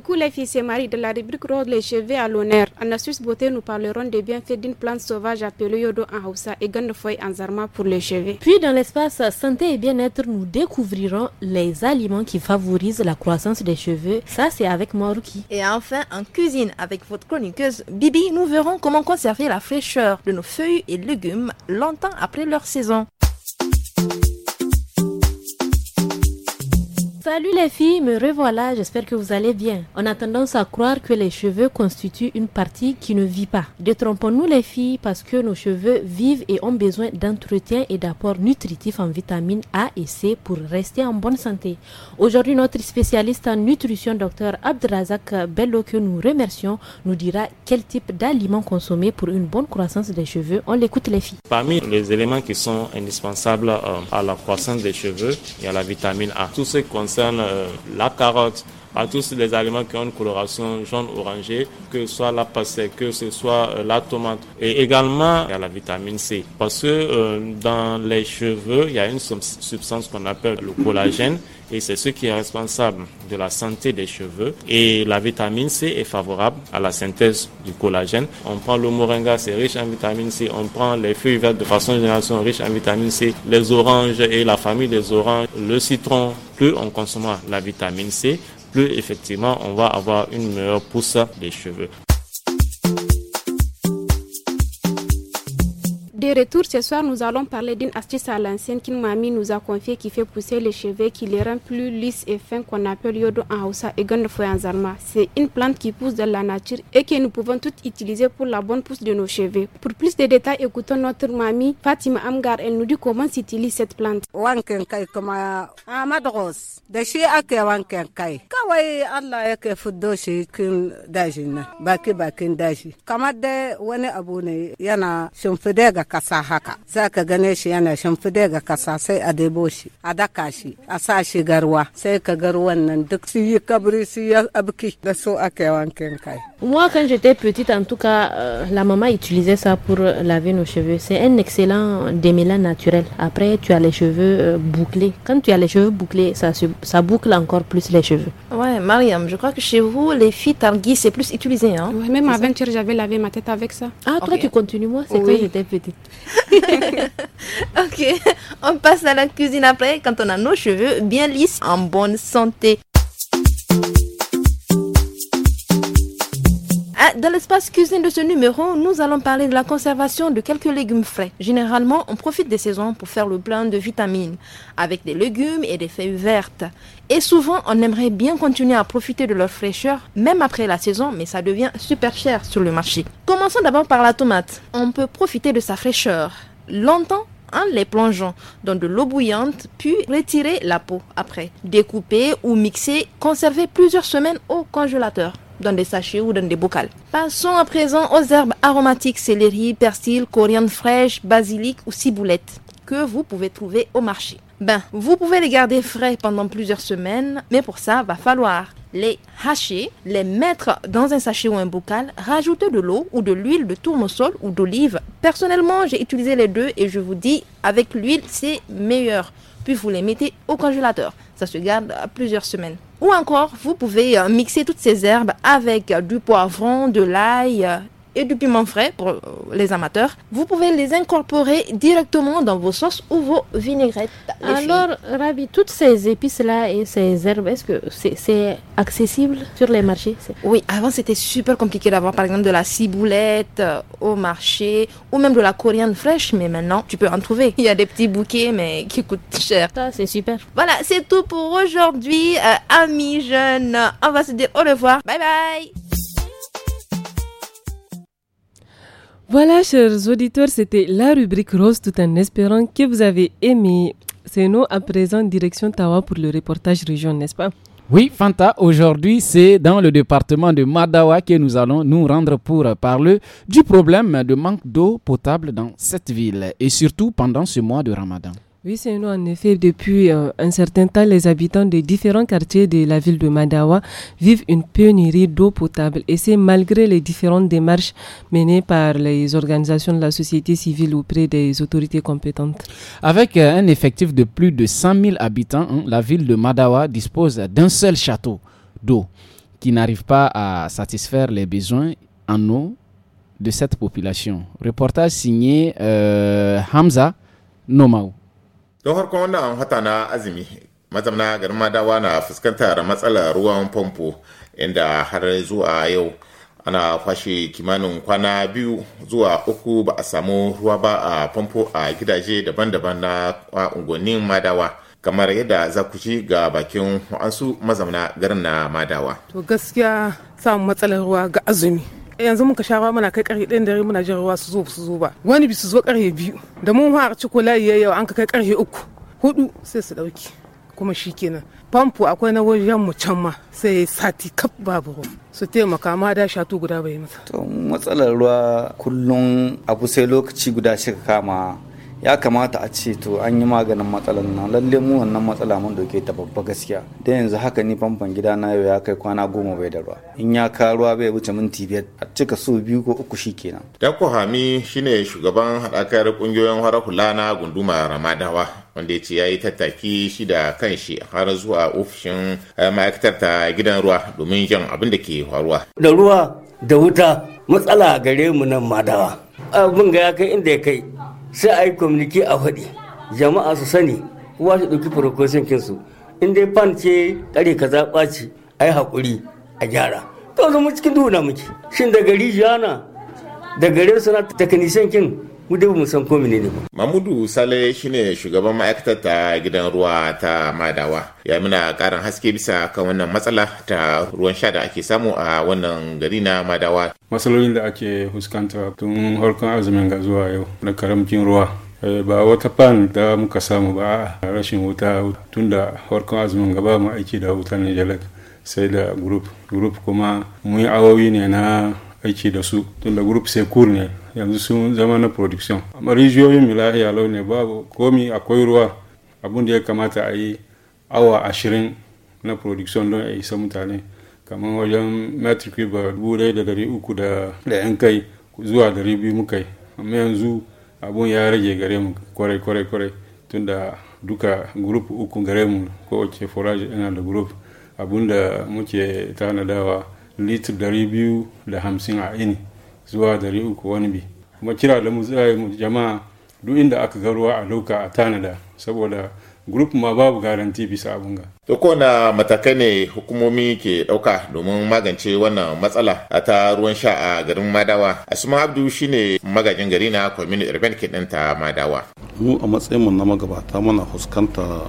Coucou les filles, c'est Marie de la rubrique Rose les cheveux à l'honneur. En astuce beauté, nous parlerons des bienfaits d'une plante sauvage appelée Yodo en Hausa et Gandefeuille en Zarma pour les cheveux. Puis dans l'espace santé et bien-être, nous découvrirons les aliments qui favorisent la croissance des cheveux. Ça, c'est avec Maruki. Et enfin, en cuisine, avec votre chroniqueuse Bibi, nous verrons comment conserver la fraîcheur de nos feuilles et légumes longtemps après leur saison. Salut les filles, me revoilà, j'espère que vous allez bien. On a tendance à croire que les cheveux constituent une partie qui ne vit pas. Détrompons-nous les filles parce que nos cheveux vivent et ont besoin d'entretien et d'apports nutritifs en vitamines A et C pour rester en bonne santé. Aujourd'hui, notre spécialiste en nutrition, docteur Abdrazak Bello, que nous remercions, nous dira quel type d'aliments consommer pour une bonne croissance des cheveux. On l'écoute les filles. Parmi les éléments qui sont indispensables euh, à la croissance des cheveux, il y a la vitamine A. Tout ce qu'on euh, la carotte, à tous les aliments qui ont une coloration jaune-orangée, que ce soit la passée, que ce soit euh, la tomate. Et également, il y a la vitamine C. Parce que euh, dans les cheveux, il y a une substance qu'on appelle le collagène et c'est ce qui est responsable de la santé des cheveux. Et la vitamine C est favorable à la synthèse du collagène. On prend le moringa, c'est riche en vitamine C. On prend les feuilles vertes de façon générale, riche en vitamine C. Les oranges et la famille des oranges, le citron, plus on consommera la vitamine C, effectivement on va avoir une meilleure pousse des cheveux. de retour ce soir, nous allons parler d'une astuce à l'ancienne qu'une mamie nous a confiée qui fait pousser les cheveux, qui les rend plus lisses et fins qu'on appelle yodo en haussa et en Zarma. C'est une plante qui pousse dans la nature et que nous pouvons toutes utiliser pour la bonne pousse de nos cheveux. Pour plus de détails, écoutons notre mamie Fatima Amgar. Elle nous dit comment s'utilise cette plante. Moi, quand j'étais petite, en tout cas, euh, la maman utilisait ça pour euh, laver nos cheveux. C'est un excellent démêlant naturel. Après, tu as les cheveux euh, bouclés. Quand tu as les cheveux bouclés, ça, ça boucle encore plus les cheveux. Ouais, Mariam, je crois que chez vous, les filles targuées c'est plus utilisé. Hein? même à 20 j'avais lavé ma tête avec ça. Ah, toi, tu continues, moi, c'est que quand j'étais petite. ok, on passe à la cuisine après quand on a nos cheveux bien lisses, en bonne santé. Ah, dans l'espace cuisine de ce numéro, nous allons parler de la conservation de quelques légumes frais. Généralement, on profite des saisons pour faire le plein de vitamines, avec des légumes et des feuilles vertes. Et souvent, on aimerait bien continuer à profiter de leur fraîcheur, même après la saison, mais ça devient super cher sur le marché. Commençons d'abord par la tomate. On peut profiter de sa fraîcheur longtemps en hein, les plongeant dans de l'eau bouillante, puis retirer la peau après. Découper ou mixer, conserver plusieurs semaines au congélateur dans des sachets ou dans des bocaux. Passons à présent aux herbes aromatiques céleri, persil, coriandre fraîche, basilic ou ciboulette que vous pouvez trouver au marché. Ben, vous pouvez les garder frais pendant plusieurs semaines, mais pour ça, va falloir les hacher, les mettre dans un sachet ou un bocal, rajouter de l'eau ou de l'huile de tournesol ou d'olive. Personnellement, j'ai utilisé les deux et je vous dis, avec l'huile, c'est meilleur. Puis vous les mettez au congélateur ça se garde plusieurs semaines. Ou encore, vous pouvez mixer toutes ces herbes avec du poivron, de l'ail et du piment frais pour euh, les amateurs. Vous pouvez les incorporer directement dans vos sauces ou vos vinaigrettes. Alors, ravi toutes ces épices-là et ces herbes, est-ce que c'est accessible sur les marchés Oui, avant c'était super compliqué d'avoir par exemple de la ciboulette euh, au marché ou même de la coriandre fraîche, mais maintenant tu peux en trouver. Il y a des petits bouquets, mais qui coûtent cher. Ça, c'est super. Voilà, c'est tout pour aujourd'hui. Euh, amis jeunes, on va se dire au revoir. Bye bye Voilà, chers auditeurs, c'était la rubrique rose tout en espérant que vous avez aimé. C'est nous à présent direction Tawa pour le reportage région, n'est-ce pas oui, Fanta, aujourd'hui, c'est dans le département de Madawa que nous allons nous rendre pour parler du problème de manque d'eau potable dans cette ville et surtout pendant ce mois de Ramadan. Oui, c'est nous en effet. Depuis euh, un certain temps, les habitants de différents quartiers de la ville de Madawa vivent une pénurie d'eau potable. Et c'est malgré les différentes démarches menées par les organisations de la société civile auprès des autorités compétentes. Avec euh, un effectif de plus de 100 000 habitants, hein, la ville de Madawa dispose d'un seul château d'eau qui n'arrive pas à satisfaire les besoins en eau de cette population. Reportage signé euh, Hamza Nomaou. don harkon wannan hata na azumi mazamna garin madawa na fuskantar matsalar ruwan famfo inda har zuwa yau ana fashe kimanin kwana biyu zuwa uku ba a samu ruwa ba a famfo a gidaje daban-daban na unguwannin madawa kamar yadda za ku ci ga bakin wa'ansu mazamna garin na madawa to gaskiya samun matsalar ruwa ga azumi yanzu muka sha ruwa muna kai karfe ɗayan dare muna jin ruwa su zo su zo ba wani bi su zo karfe biyu da mun fara ciko layi yayi an ka kai karfe uku hudu sai su ɗauki kuma shi kenan famfo akwai na wajen mu can ma sai ya sati kaf babu ruwa su taimaka ma da shatu guda bai mata. to matsalar ruwa kullum abu sai lokaci guda shi kama ya kamata a ce to an yi maganin matsalan nan lalle mu wannan matsala mun doke ta babba gaskiya da yanzu haka ni famfan gida na yau ya kai kwana goma bai da ruwa in ya ka ruwa bai wuce minti biyar a cika su biyu ko uku shi kenan dako hami shine shugaban haɗakar ƙungiyoyin hara hula na gunduma ramadawa wanda ya ce ya yi tattaki shi da kan shi har zuwa ofishin eh, ma'aikatar ta gidan ruwa domin jan abin da ke faruwa da ruwa da wuta matsala gare mu nan madawa abin ga ya kai inda ya kai sai a yi kwamniki a faɗi jama'a su sani kowa su ɗauki prokosin kinsu in dai fan ce ka kaza ɓaci a yi haƙuri a gyara to zama cikin duhu na muke shin daga rijiya na daga resuna ta kanisen kin mu dai mu san ko ne ba. Mamudu Sale shine shugaban ma'aikatar ta gidan ruwa ta Madawa. Ya muna karin haske bisa kan wannan matsala ta ruwan sha da ake samu a wannan gari na Madawa. Matsalolin da ake fuskanta tun harkar azumin ga zuwa yau na karamcin ruwa. Eh, ba wata fan da muka samu ba a rashin wuta tun da harkar azumin gaba mu aiki da wutan Nijalat sai da group group kuma mun awowi ne na aiki da su tunda group secure ne yanzu sun zama na production amma rijiyoyin mu lahiya lau ne babu komi akwai ruwa abun da ya kamata a yi awa ashirin na production don a isa mutane kamar wajen metric ba dubu da dari uku da yan kai zuwa dari biyu muka yi amma yanzu abun ya rage gare mu kwarai kwarai kwarai tunda duka group uku gare mu kowace forage yana da group abun da muke tanadawa litir hamsin a ini zuwa uku wani bi kuma kira da mu jama'a duk inda aka ga ruwa a lauka a tanada saboda grup ma babu garanti bisa abun ga. To ko na matakai ne hukumomi ke ɗauka domin magance wannan matsala a ta ruwan sha a garin Madawa. Asuma Abdu shine magajin gari na Community Urban Kit ta Madawa. Mu a matsayin mu na magabata muna fuskanta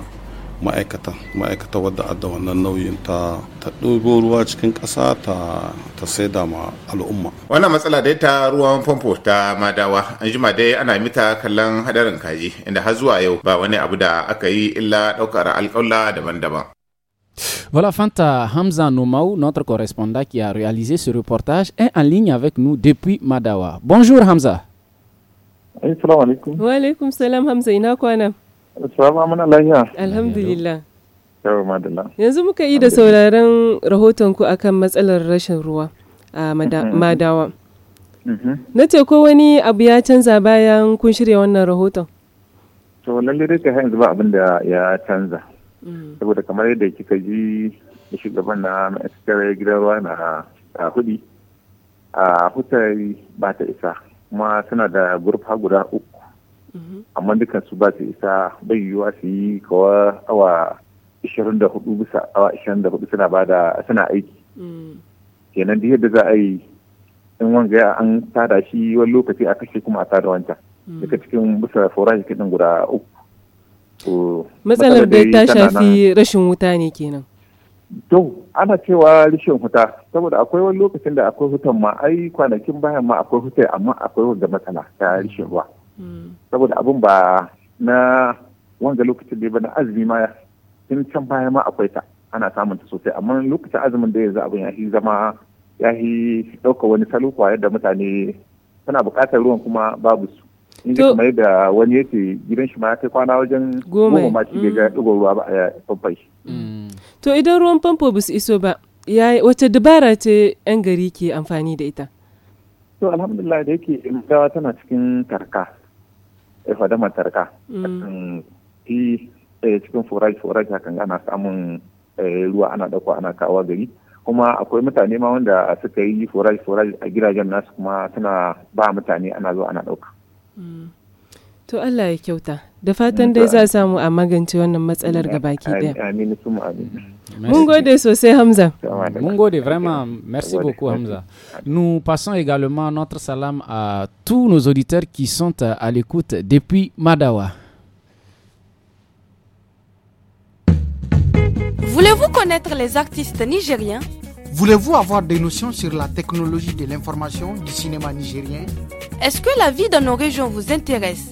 ma'aikata ma'aikata wadda adda wannan nauyin ta ta ɗogo ruwa cikin ƙasa ta ta saida ma al'umma wannan matsala dai ta ruwan famfo ta madawa an jima dai ana mita kallon hadarin kaji inda har zuwa yau ba wani abu da aka yi illa ɗaukar alƙawla daban-daban Voilà, Fanta Hamza Noumaou, notre correspondant qui a réalisé ce reportage, est en ligne avec nous depuis Madawa. Bonjour Hamza. Assalamu alaikum. Wa alaikum salam Hamza, ina kwana. Yanzu muka yi da sauraren rahoton ku akan matsalar rashin ruwa a mm-hmm. Madawa. Mm-hmm. Na ce ko wani abu ya canza bayan kun shirya wannan rahoton? To lalle dai ka yanzu ba abin da ya canza. Mm. Saboda kamar yadda kika ji shugaban na ma'aikatar gidan ruwa na hudi a hutar ba ta isa kuma suna da gurfa guda uku amma dukkan su ba su isa bai yiwuwa su yi kawa awa 24 bisa awa 24 suna da suna aiki kenan duk yadda za a yi in wanga ya an tada shi wani lokaci a kashe kuma a tada wancan mm. daga cikin bisa forashi kiɗin guda uku matsalar da ta shafi rashin wuta ne kenan to ana cewa rashin huta saboda akwai wani lokacin da akwai hutan ma ai kwanakin bayan ma akwai hutai amma akwai wanda matsala ta rashin ruwa saboda abin ba na wanga lokacin da ya na azumi ma in can baya ma akwai ta ana samun ta sosai amma lokacin azumin da yanzu abin ya yi zama ya yi ɗauka wani salo yadda mutane suna buƙatar ruwan kuma babu su in ji kamar yadda wani ya gidan shi ma ya kai kwana wajen goma ma ci ga dogon mm. ruwa ba a famfon shi. Mm. to idan ruwan famfo ba su iso ba ya wace dabara ce 'yan gari ke amfani da ita. to alhamdulillah da yake in tana cikin karka fadamar eh, matarka ti hmm. eh, cikin forage forage hakan ana samun eh, ruwa ana dauko ana kawo gari kuma akwai mutane ma wanda suka yi forage forage a gidajen nasu kuma suna ba mutane ana zo ana ɗauka. Hmm. To Hamza. vraiment. Merci beaucoup Hamza. Nous passons également notre salam à tous nos auditeurs qui sont à l'écoute depuis Madawa. Voulez-vous connaître les artistes nigériens Voulez-vous avoir des notions sur la technologie de l'information du cinéma nigérien Est-ce que la vie dans nos régions vous intéresse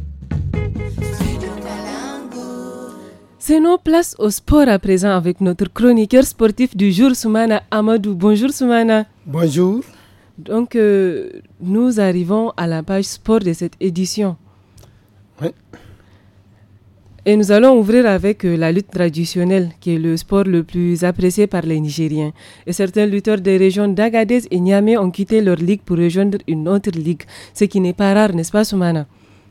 C'est nos places au sport à présent avec notre chroniqueur sportif du jour, Soumana Amadou. Bonjour Soumana. Bonjour. Donc, euh, nous arrivons à la page sport de cette édition. Oui. Et nous allons ouvrir avec euh, la lutte traditionnelle, qui est le sport le plus apprécié par les Nigériens. Et certains lutteurs des régions d'Agadez et Niamey ont quitté leur ligue pour rejoindre une autre ligue, ce qui n'est pas rare, n'est-ce pas Soumana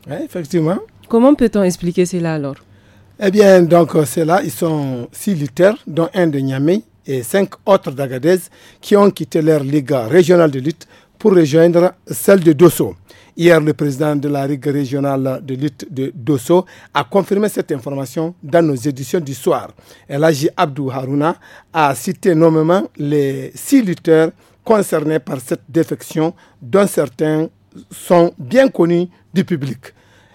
Oui, effectivement. Comment peut-on expliquer cela alors eh bien, donc, euh, c'est là, ils sont six lutteurs, dont un de Niamey et cinq autres d'Agadez, qui ont quitté leur ligue régionale de lutte pour rejoindre celle de Dosso. Hier, le président de la Ligue régionale de lutte de Dosso a confirmé cette information dans nos éditions du soir. Elagi Abdou Harouna a cité nommément les six lutteurs concernés par cette défection, dont certains sont bien connus du public.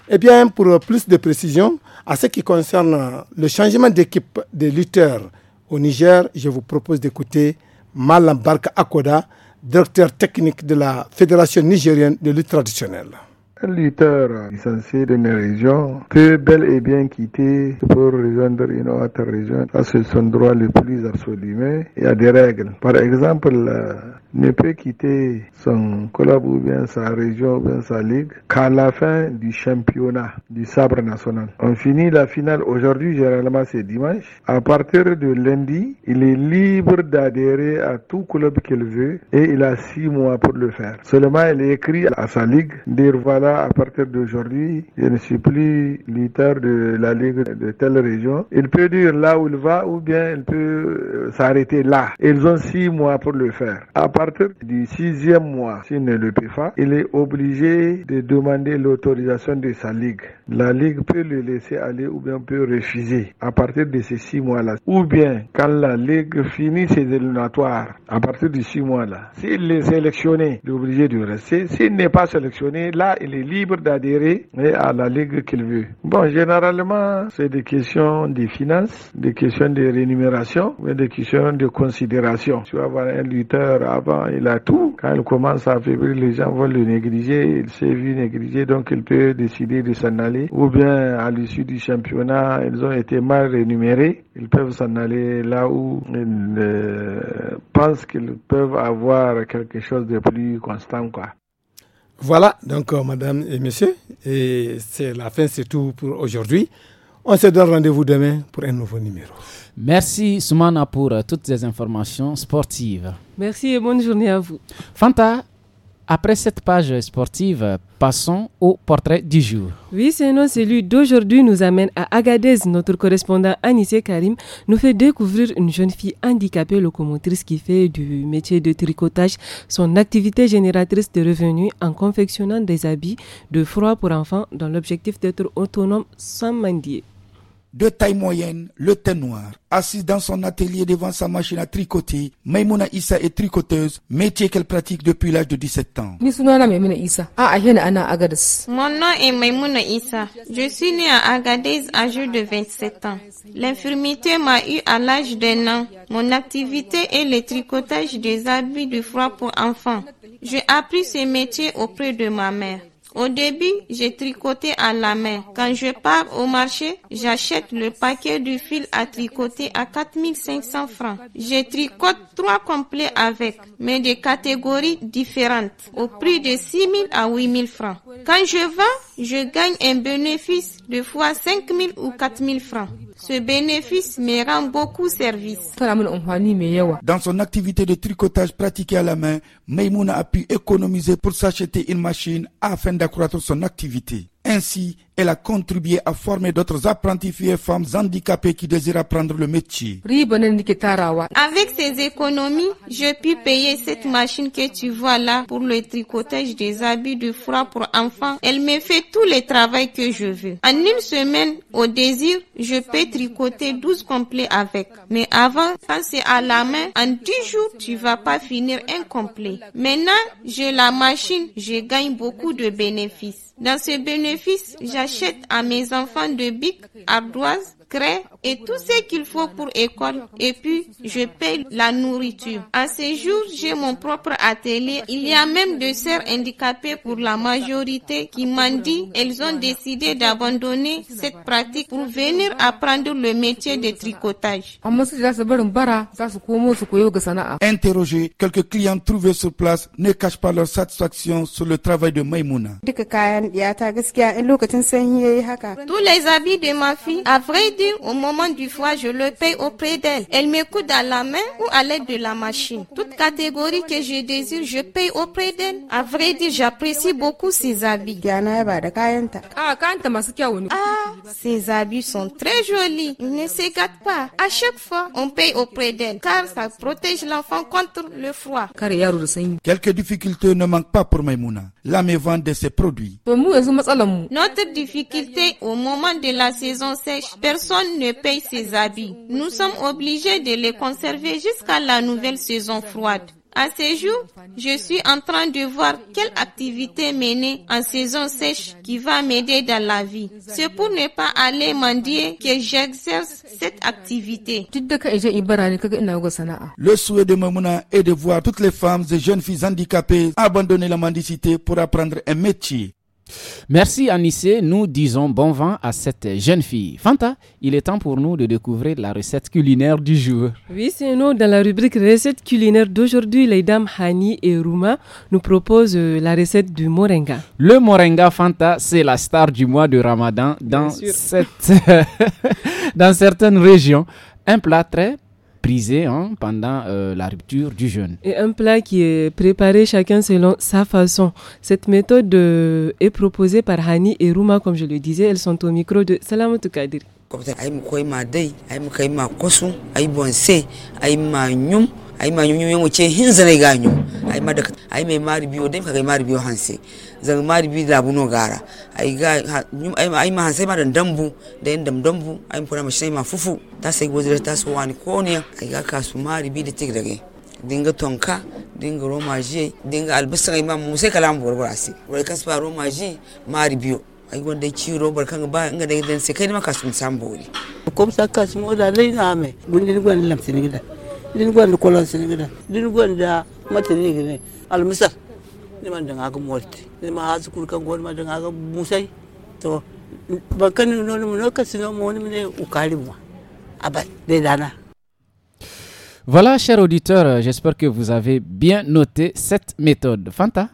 Eh bien, pour plus de précisions, à ce qui concerne le changement d'équipe des lutteurs au Niger, je vous propose d'écouter Malam Barka Akoda, directeur technique de la Fédération nigérienne de lutte traditionnelle. Un lutteur licencié de mes région peut bel et bien quitter pour rejoindre une autre région. c'est son droit le plus absolu, mais il y a des règles. Par exemple, ne peut quitter son club ou bien sa région ou bien sa ligue qu'à la fin du championnat du sabre national. On finit la finale aujourd'hui, généralement c'est dimanche. À partir de lundi, il est libre d'adhérer à tout club qu'il veut et il a six mois pour le faire. Seulement, il est écrit à sa ligue, dire voilà, à partir d'aujourd'hui, je ne suis plus leader de la ligue de telle région. Il peut dire là où il va ou bien il peut euh, s'arrêter là. Ils ont six mois pour le faire partir du sixième mois, s'il ne le PFA pas, il est obligé de demander l'autorisation de sa ligue. La ligue peut le laisser aller ou bien peut refuser à partir de ces six mois-là. Ou bien, quand la ligue finit ses éliminatoires, à partir de six mois-là, s'il est sélectionné, il est obligé de rester. S'il n'est pas sélectionné, là, il est libre d'adhérer à la ligue qu'il veut. Bon, généralement, c'est des questions de finances, des questions de rémunération, mais des questions de considération. Tu vas avoir un lutteur à il a tout. Quand il commence à février, les gens vont le négliger, il s'est vu négliger, donc il peut décider de s'en aller. Ou bien, à l'issue du championnat, ils ont été mal rémunérés, ils peuvent s'en aller là où ils euh, pensent qu'ils peuvent avoir quelque chose de plus constant, quoi. Voilà, donc euh, madame et monsieur, et c'est la fin, c'est tout pour aujourd'hui. On se donne rendez-vous demain pour un nouveau numéro. Merci Soumana pour euh, toutes ces informations sportives. Merci et bonne journée à vous. Fanta, après cette page sportive, passons au portrait du jour. Oui, c'est non, celui d'aujourd'hui nous amène à Agadez. Notre correspondant Anissé Karim nous fait découvrir une jeune fille handicapée locomotrice qui fait du métier de tricotage son activité génératrice de revenus en confectionnant des habits de froid pour enfants dans l'objectif d'être autonome sans mendier de taille moyenne, le teint noir. Assise dans son atelier devant sa machine à tricoter, Maimouna Issa est tricoteuse, métier qu'elle pratique depuis l'âge de 17 ans. Ah, ah, Mon nom est Maimouna Issa. Je suis née à Agadez à l'âge de 27 ans. L'infirmité m'a eu à l'âge d'un an. Mon activité est le tricotage des habits de froid pour enfants. J'ai appris ce métier auprès de ma mère. Au début, j'ai tricoté à la main. Quand je pars au marché, j'achète le paquet de fil à tricoter à 4500 francs. Je tricote trois complets avec, mais des catégories différentes, au prix de 6000 à 8000 francs. Quand je vends, je gagne un bénéfice deux fois 5 000 ou 4 000 francs. Ce bénéfice me rend beaucoup service. Dans son activité de tricotage pratiquée à la main, Maimouna a pu économiser pour s'acheter une machine afin d'accroître son activité. Ainsi, elle a contribué à former d'autres apprentis filles et femmes handicapées qui désirent apprendre le métier. Avec ces économies, je puis payer cette machine que tu vois là pour le tricotage des habits de froid pour enfants. Elle me fait tout le travail que je veux. En une semaine, au désir, je peux tricoter 12 complets avec. Mais avant, quand c'est à la main, en 10 jours, tu vas pas finir un complet. Maintenant, j'ai la machine, je gagne beaucoup de bénéfices. Dans ce bénéfice, fils, j'achète à mes enfants de bic, Ardoise, Cré, et tout ce qu'il faut pour école et puis je paye la nourriture. À ces jours j'ai mon propre atelier. Il y a même deux sœurs handicapées pour la majorité qui m'ont dit elles ont décidé d'abandonner cette pratique pour venir apprendre le métier de tricotage. interroger quelques clients trouvés sur place ne cache pas leur satisfaction sur le travail de maïmouna Tous les habits de ma fille, à vrai dire, au moment du foie, je le paye auprès d'elle. Elle m'écoute à la main ou à l'aide de la machine. Toute catégorie que je désire, je paye auprès d'elle. À vrai dire, j'apprécie beaucoup ses habits. Ah, ah ses habits sont très jolis. Ils ne se pas. À chaque fois, on paye auprès d'elle car ça protège l'enfant contre le froid. Quelques difficultés ne manquent pas pour Maïmouna la mévente de ces produits. Notre difficulté au moment de la saison sèche, personne ne paye ses habits. Nous sommes obligés de les conserver jusqu'à la nouvelle saison froide. À ces jour, je suis en train de voir quelle activité mener en saison sèche qui va m'aider dans la vie. C'est pour ne pas aller mendier que j'exerce cette activité. Le souhait de Mamuna est de voir toutes les femmes et jeunes filles handicapées abandonner la mendicité pour apprendre un métier. Merci Anissé, nous disons bon vent à cette jeune fille. Fanta, il est temps pour nous de découvrir la recette culinaire du jour. Oui, c'est nous dans la rubrique recette culinaire d'aujourd'hui, les dames Hani et Rouma nous proposent euh, la recette du moringa. Le moringa Fanta, c'est la star du mois de Ramadan dans, cette dans certaines régions. Un plat très brisé hein, pendant euh, la rupture du jeûne. Et un plat qui est préparé chacun selon sa façon. Cette méthode euh, est proposée par Hani et Rouma, comme je le disais. Elles sont au micro de Salamoutou Kadir aima ma nyum nyum ce hin zane aima ay ma da ay mari biyo dai kaga mari biyo hanse zan mari biyo da buno gara aiga ga aima ay hanse ma dan dambu da yan dam dambu ay mu shi ma fufu ta sai gozira ta so wani ko ne ay ga kasu mari biyo da tik dage dinga tonka dinga roma je dinga albisa ay mu sai kalam gorgora sai wai kasfa roma je mari biyo ai wanda ci robar kan ba inga da gidan sai kai ma kasu san bori ko sa kasu mo da lai na mai gundin gwan lamsin gidan din gwanda kolan sin gida din gwanda matani gine almisar ni man dan aga morti ni ma hazu kurkan gon ma dan aga musai to bakan no no no sino mo ni ne ukari mo abal de dana Voilà, chers auditeurs, j'espère que vous avez bien noté cette méthode. Fanta,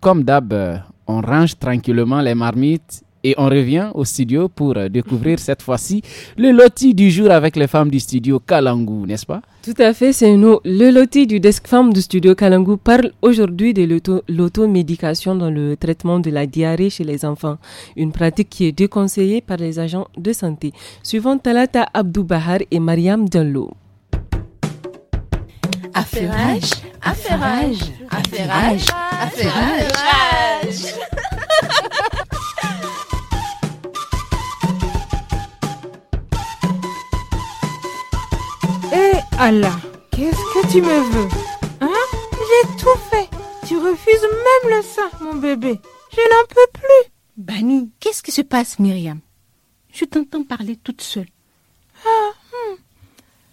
comme d'hab, euh, on range tranquillement les marmites et on revient au studio pour euh, découvrir cette fois-ci le loti du jour avec les femmes du studio Kalangu, n'est-ce pas Tout à fait, c'est nous. Le loti du desk femme du studio Kalangu parle aujourd'hui de l'automédication dans le traitement de la diarrhée chez les enfants, une pratique qui est déconseillée par les agents de santé. Suivant Talata Abdou Bahar et Mariam Diallo. Affairage, affairage, affairage, affairage. Allah, qu'est-ce que tu me veux Hein J'ai tout fait. Tu refuses même le sein, mon bébé. Je n'en peux plus. Bani, qu'est-ce qui se passe, Myriam Je t'entends parler toute seule. Ah, hmm.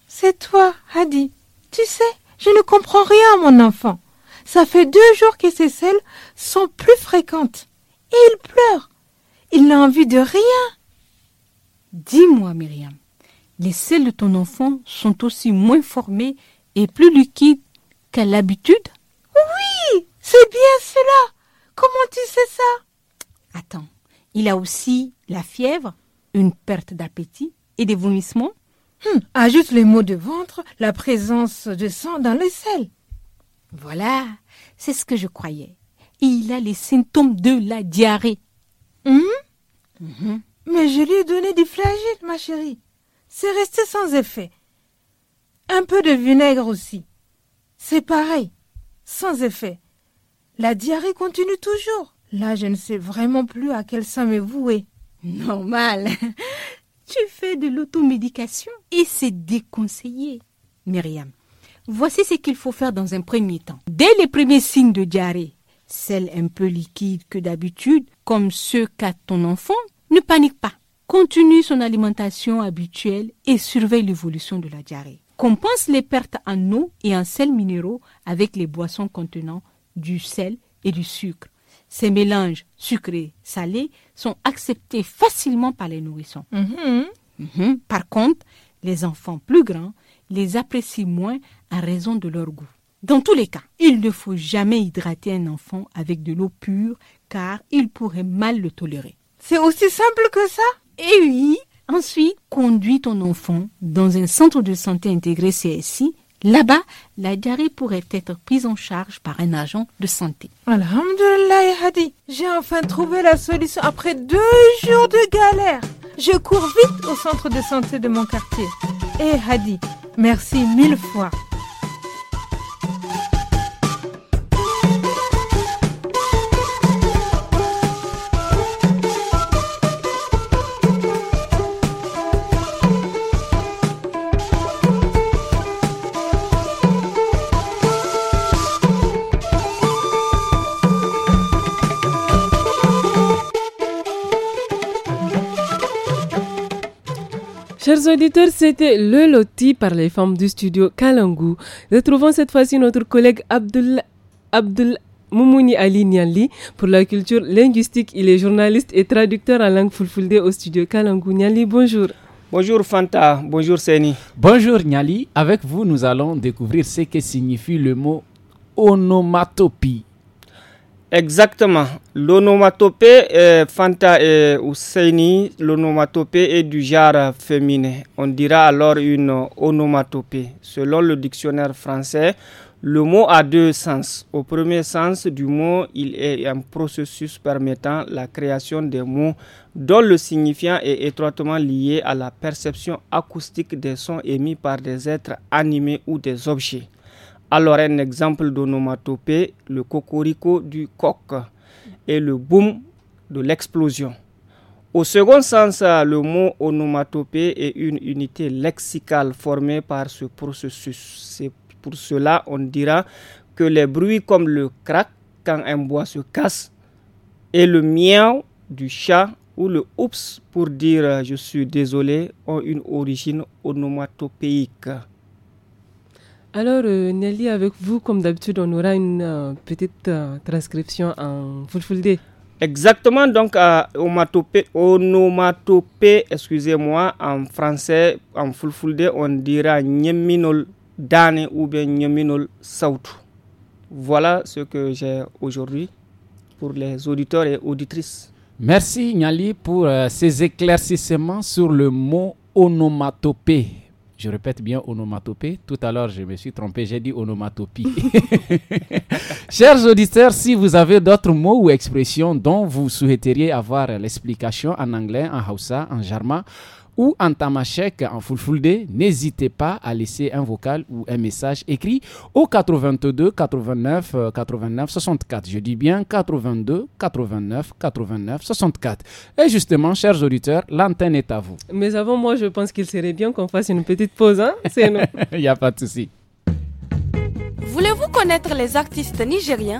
c'est toi, Hadi. Tu sais, je ne comprends rien, mon enfant. Ça fait deux jours que ses selles sont plus fréquentes. Et il pleure. Il n'a envie de rien. Dis-moi, Myriam, les selles de ton enfant sont aussi moins formées et plus liquides qu'à l'habitude Oui, c'est bien cela. Comment tu sais ça Attends, il a aussi la fièvre, une perte d'appétit et des vomissements hum, Ajoute les maux de ventre, la présence de sang dans les selles. Voilà, c'est ce que je croyais. Il a les symptômes de la diarrhée. Hum? Mhm. Mais je lui ai donné des flagettes, ma chérie c'est resté sans effet. Un peu de vinaigre aussi. C'est pareil, sans effet. La diarrhée continue toujours. Là, je ne sais vraiment plus à quel saint me vouer. Normal. Tu fais de l'automédication et c'est déconseillé. Myriam, voici ce qu'il faut faire dans un premier temps. Dès les premiers signes de diarrhée, celle un peu liquide que d'habitude, comme ceux qu'a ton enfant, ne panique pas continue son alimentation habituelle et surveille l'évolution de la diarrhée. Compense les pertes en eau et en sels minéraux avec les boissons contenant du sel et du sucre. Ces mélanges sucrés-salés sont acceptés facilement par les nourrissons. Mm-hmm. Mm-hmm. Par contre, les enfants plus grands les apprécient moins à raison de leur goût. Dans tous les cas, il ne faut jamais hydrater un enfant avec de l'eau pure car il pourrait mal le tolérer. C'est aussi simple que ça et oui, ensuite, conduis ton enfant dans un centre de santé intégré CSI. Là-bas, la diarrhée pourrait être prise en charge par un agent de santé. Alhamdulillah, Hadi, j'ai enfin trouvé la solution après deux jours de galère. Je cours vite au centre de santé de mon quartier. Et eh, Hadi, merci mille fois. Chers auditeurs, c'était le loti par les femmes du studio Kalangu. Retrouvons cette fois-ci notre collègue Abdul, Moumouni Ali Niali pour la culture linguistique. Il est journaliste et traducteur en langue fulfulde au studio Kalangu. Niali, bonjour. Bonjour Fanta, bonjour Seni. Bonjour Niali, avec vous nous allons découvrir ce que signifie le mot onomatopie Exactement. L'onomatopée Fanta et l'onomatopée est du genre féminin. On dira alors une onomatopée. Selon le dictionnaire français, le mot a deux sens. Au premier sens du mot, il est un processus permettant la création des mots dont le signifiant est étroitement lié à la perception acoustique des sons émis par des êtres animés ou des objets. Alors, un exemple d'onomatopée, le cocorico du coq et le boom de l'explosion. Au second sens, le mot onomatopée est une unité lexicale formée par ce processus. C'est pour cela on dira que les bruits comme le crac quand un bois se casse et le miau du chat ou le oups pour dire je suis désolé ont une origine onomatopéique. Alors, euh, Niali, avec vous, comme d'habitude, on aura une euh, petite euh, transcription en Fulfulde. Exactement, donc onomatopée, onomatopée excusez-moi, en français, en Fulfulde, on dira Nyeminol Dane ou bien Nyeminol Sautu. Voilà ce que j'ai aujourd'hui pour les auditeurs et auditrices. Merci, Nyali, pour ces éclaircissements sur le mot onomatopée je répète bien onomatopée. Tout à l'heure, je me suis trompé, j'ai dit onomatopie. Chers auditeurs, si vous avez d'autres mots ou expressions dont vous souhaiteriez avoir l'explication en anglais, en hausa, en jarma, ou en tamashek en full full day, n'hésitez pas à laisser un vocal ou un message écrit au 82 89 89 64. Je dis bien 82 89 89 64. Et justement, chers auditeurs, l'antenne est à vous. Mais avant moi, je pense qu'il serait bien qu'on fasse une petite pause. Hein Il n'y a pas de souci. Voulez-vous connaître les artistes nigériens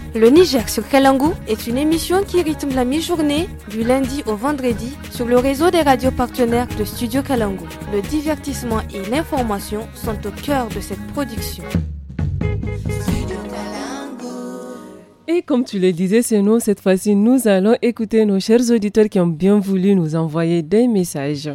Le Niger sur Kalangou est une émission qui rythme la mi-journée du lundi au vendredi sur le réseau des radios partenaires de Studio Kalangou. Le divertissement et l'information sont au cœur de cette production. Et comme tu le disais, c'est nous, cette fois-ci, nous allons écouter nos chers auditeurs qui ont bien voulu nous envoyer des messages.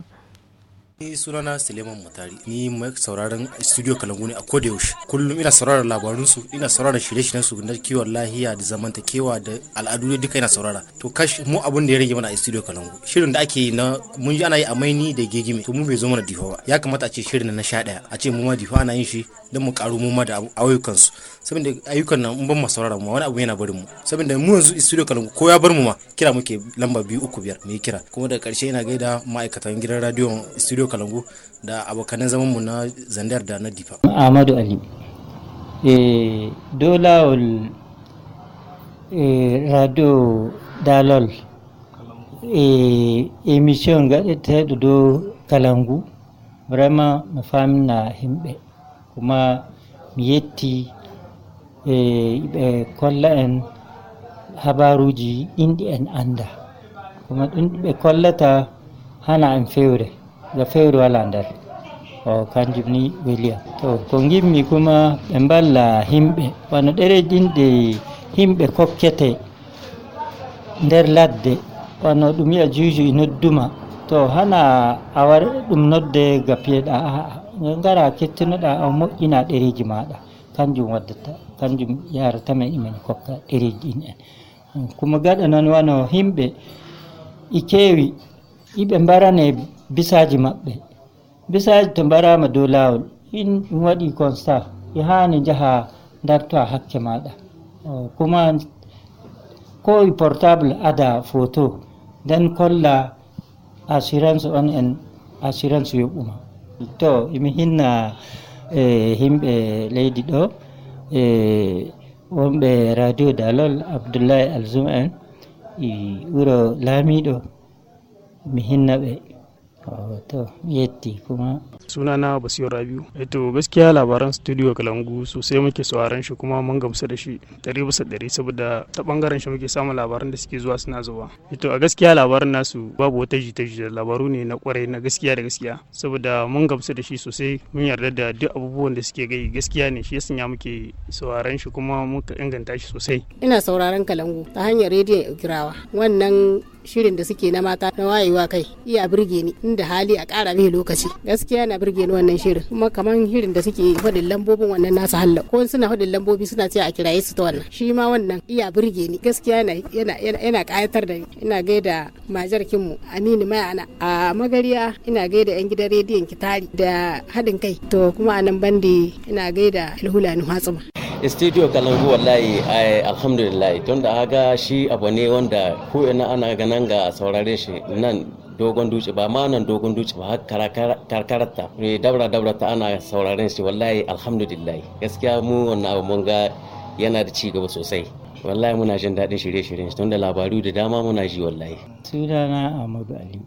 Ni sunana Suleiman Mutari. Ni mai sauraron studio Kalangu ne a koda yaushe. Kullum ina sauraron labarun su, ina sauraron shirye-shiryen su na kiwon lahiya da zamantakewa da al'adu duka ina saurara. To kash mu abun da ya rage mana a studio Kalangu. Shirin da ake yi na mun ji ana yi a maini da gegime. To mu bai zo mana diho ba. Ya kamata a ce shirin na sha daya A ce mu ma diho ana yin shi don mu karu mu ma da ayyukan su. Saboda ayyukan nan ban ma saurara mu wani abu yana barin mu. Saboda mu yanzu studio Kalangu ko ya bar mu ma kira muke lamba biyu uku biyar mu kira. Kuma daga karshe ina gaida ma'aikatan gidan radio studio studio kalangu da abokanan zaman mu na zandar da na difa ahmadu ali eh dolawul eh radio dalol eh emission ga ta do kalangu vraiment fami na himbe kuma mi yetti ɓe eh, kolla en habaruji indi en anda kuma ɗin ɓe kollata hana en fewre ga fewru wala nder o kanjum ni wiliya to ko gimmi kuma ɓe mballa himɓe wano ɗereji ɗin ɗe himɓe kokkete nder ladde wano ɗum yiya juju i e nodduma to hana a ware ɗum nodde ga piyeɗa aa gara kettinoɗa a moƴƴina ɗereji maɗa kanjum waddata kanjum yaratamen imen kokka ɗereji ɗin en kuma gaɗa noon wano himɓe i e kewi iɓe e mbarane bisaaji maɓɓe bisa to mbarama dow laawol in ɗum waɗi constat e haani njaha darto a hakke maɗa kuma ko portable ada photo nden kolla assurance on en assurance yoɓɓuma to imi hinna e himɓe leydi ɗo e wonɓe radio dalol abdoullahi alzum en i wuro laamiɗo mi hinna ɓe kau tu Yeti pun mak. sunana basiru rabiu eto eh gaskiya labaran studio kalangu sosai muke sauraron shi kuma mun gamsu da shi dari bisa dari saboda ta bangaren shi muke samun labaran da suke zuwa suna zuwa eto eh a gaskiya labaran nasu babu wata jita jita labaru ne na kwarai na gaskiya da gaskiya saboda mun gamsu da shi sosai mun yarda da duk abubuwan da suke gai gaskiya ne shi ya sanya muke sauraron shi kuma muka inganta shi sosai ina sauraron kalangu ta hanyar rediyon kirawa wannan shirin da suke na mata na wayewa kai iya birge ni inda hali a kara mai lokaci gaskiya na suna birge ni wannan shirin kuma kaman shirin da suke faɗin lambobin wannan nasu halla ko suna faɗin lambobi suna ce a kiraye su ta wannan shi ma wannan iya birge ni gaskiya yana yana yana kayatar da ni ina gaida majar kinmu Aminu mai ana a magariya ina gaida yan gidan rediyon kitari da haɗin kai to kuma a nan bandi ina gaida alhula ni hatsuma studio kalangu wallahi alhamdulillah tunda haga shi abu ne wanda ko ina ana ganin ga saurare shi nan dogon dutse ba ma nan dogon dutse ba karkarar ta dabra dabra ta ana sauraren shi wallahi alhamdulillah gaskiya mu wannan abu mun ga yana da ci gaba sosai wallahi muna jin daɗin shirye-shiryen tun da labaru da dama muna ji wallahi sunana Amadu Ali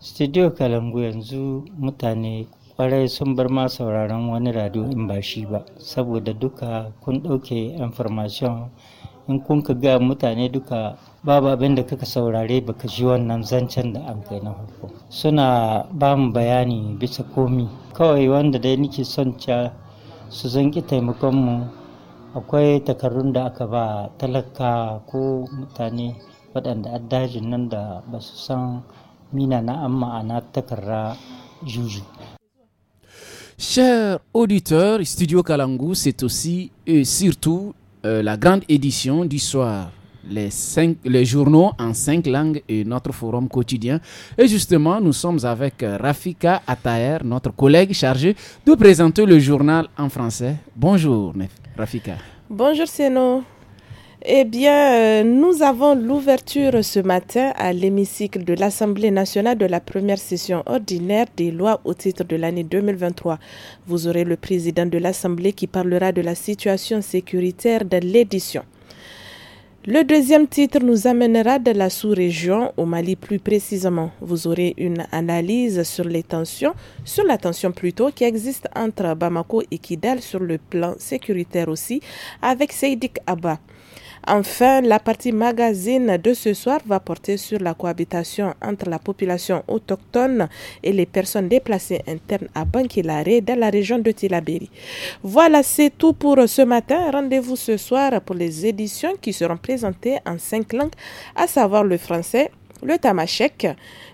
studio Kalangu yanzu mutane kwarai sun bar ma sauraron wani radio in ba shi ba saboda duka kun ɗauke information in kun ka ga mutane duka babu abin da kaka saurare baka ji wannan zancen da an kai na farko suna ba mu bayani bisa komi kawai wanda dai nake son ca su zanki taimakon mu akwai takarun da aka ba talaka ko mutane waɗanda addajin nan da ba su san mina na an ma'ana takarra juju Chers auditeurs, Studio Kalangu, c'est aussi et surtout euh, la grande édition du soir les, cinq, les journaux en cinq langues et notre forum quotidien. Et justement, nous sommes avec euh, Rafika Ataer, notre collègue chargé de présenter le journal en français. Bonjour, Rafika. Bonjour, Seno. Eh bien, euh, nous avons l'ouverture ce matin à l'hémicycle de l'Assemblée nationale de la première session ordinaire des lois au titre de l'année 2023. Vous aurez le président de l'Assemblée qui parlera de la situation sécuritaire de l'édition. Le deuxième titre nous amènera de la sous-région au Mali plus précisément. Vous aurez une analyse sur les tensions, sur la tension plutôt qui existe entre Bamako et Kidal sur le plan sécuritaire aussi avec Seydik Abba. Enfin, la partie magazine de ce soir va porter sur la cohabitation entre la population autochtone et les personnes déplacées internes à Banquilare dans la région de Tilaberi. Voilà, c'est tout pour ce matin. Rendez-vous ce soir pour les éditions qui seront présentées en cinq langues, à savoir le français, le tamashek,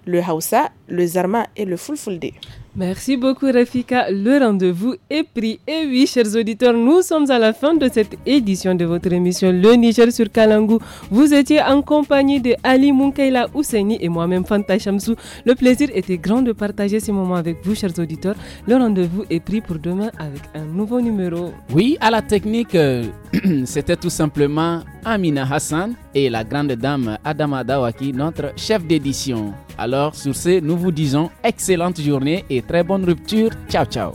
le haoussa, le zarma et le fulfulde. Merci beaucoup Rafika. Le rendez-vous est pris. Et oui, chers auditeurs, nous sommes à la fin de cette édition de votre émission Le Niger sur Kalangu. Vous étiez en compagnie de Ali Munkaila Ouseni et moi-même Fanta Chamsou. Le plaisir était grand de partager ces moments avec vous, chers auditeurs. Le rendez-vous est pris pour demain avec un nouveau numéro. Oui, à la technique, euh, c'était tout simplement Amina Hassan et la grande dame Adama Dawaki, notre chef d'édition. Alors sur ce, nous vous disons excellente journée et très bonne rupture. Ciao ciao.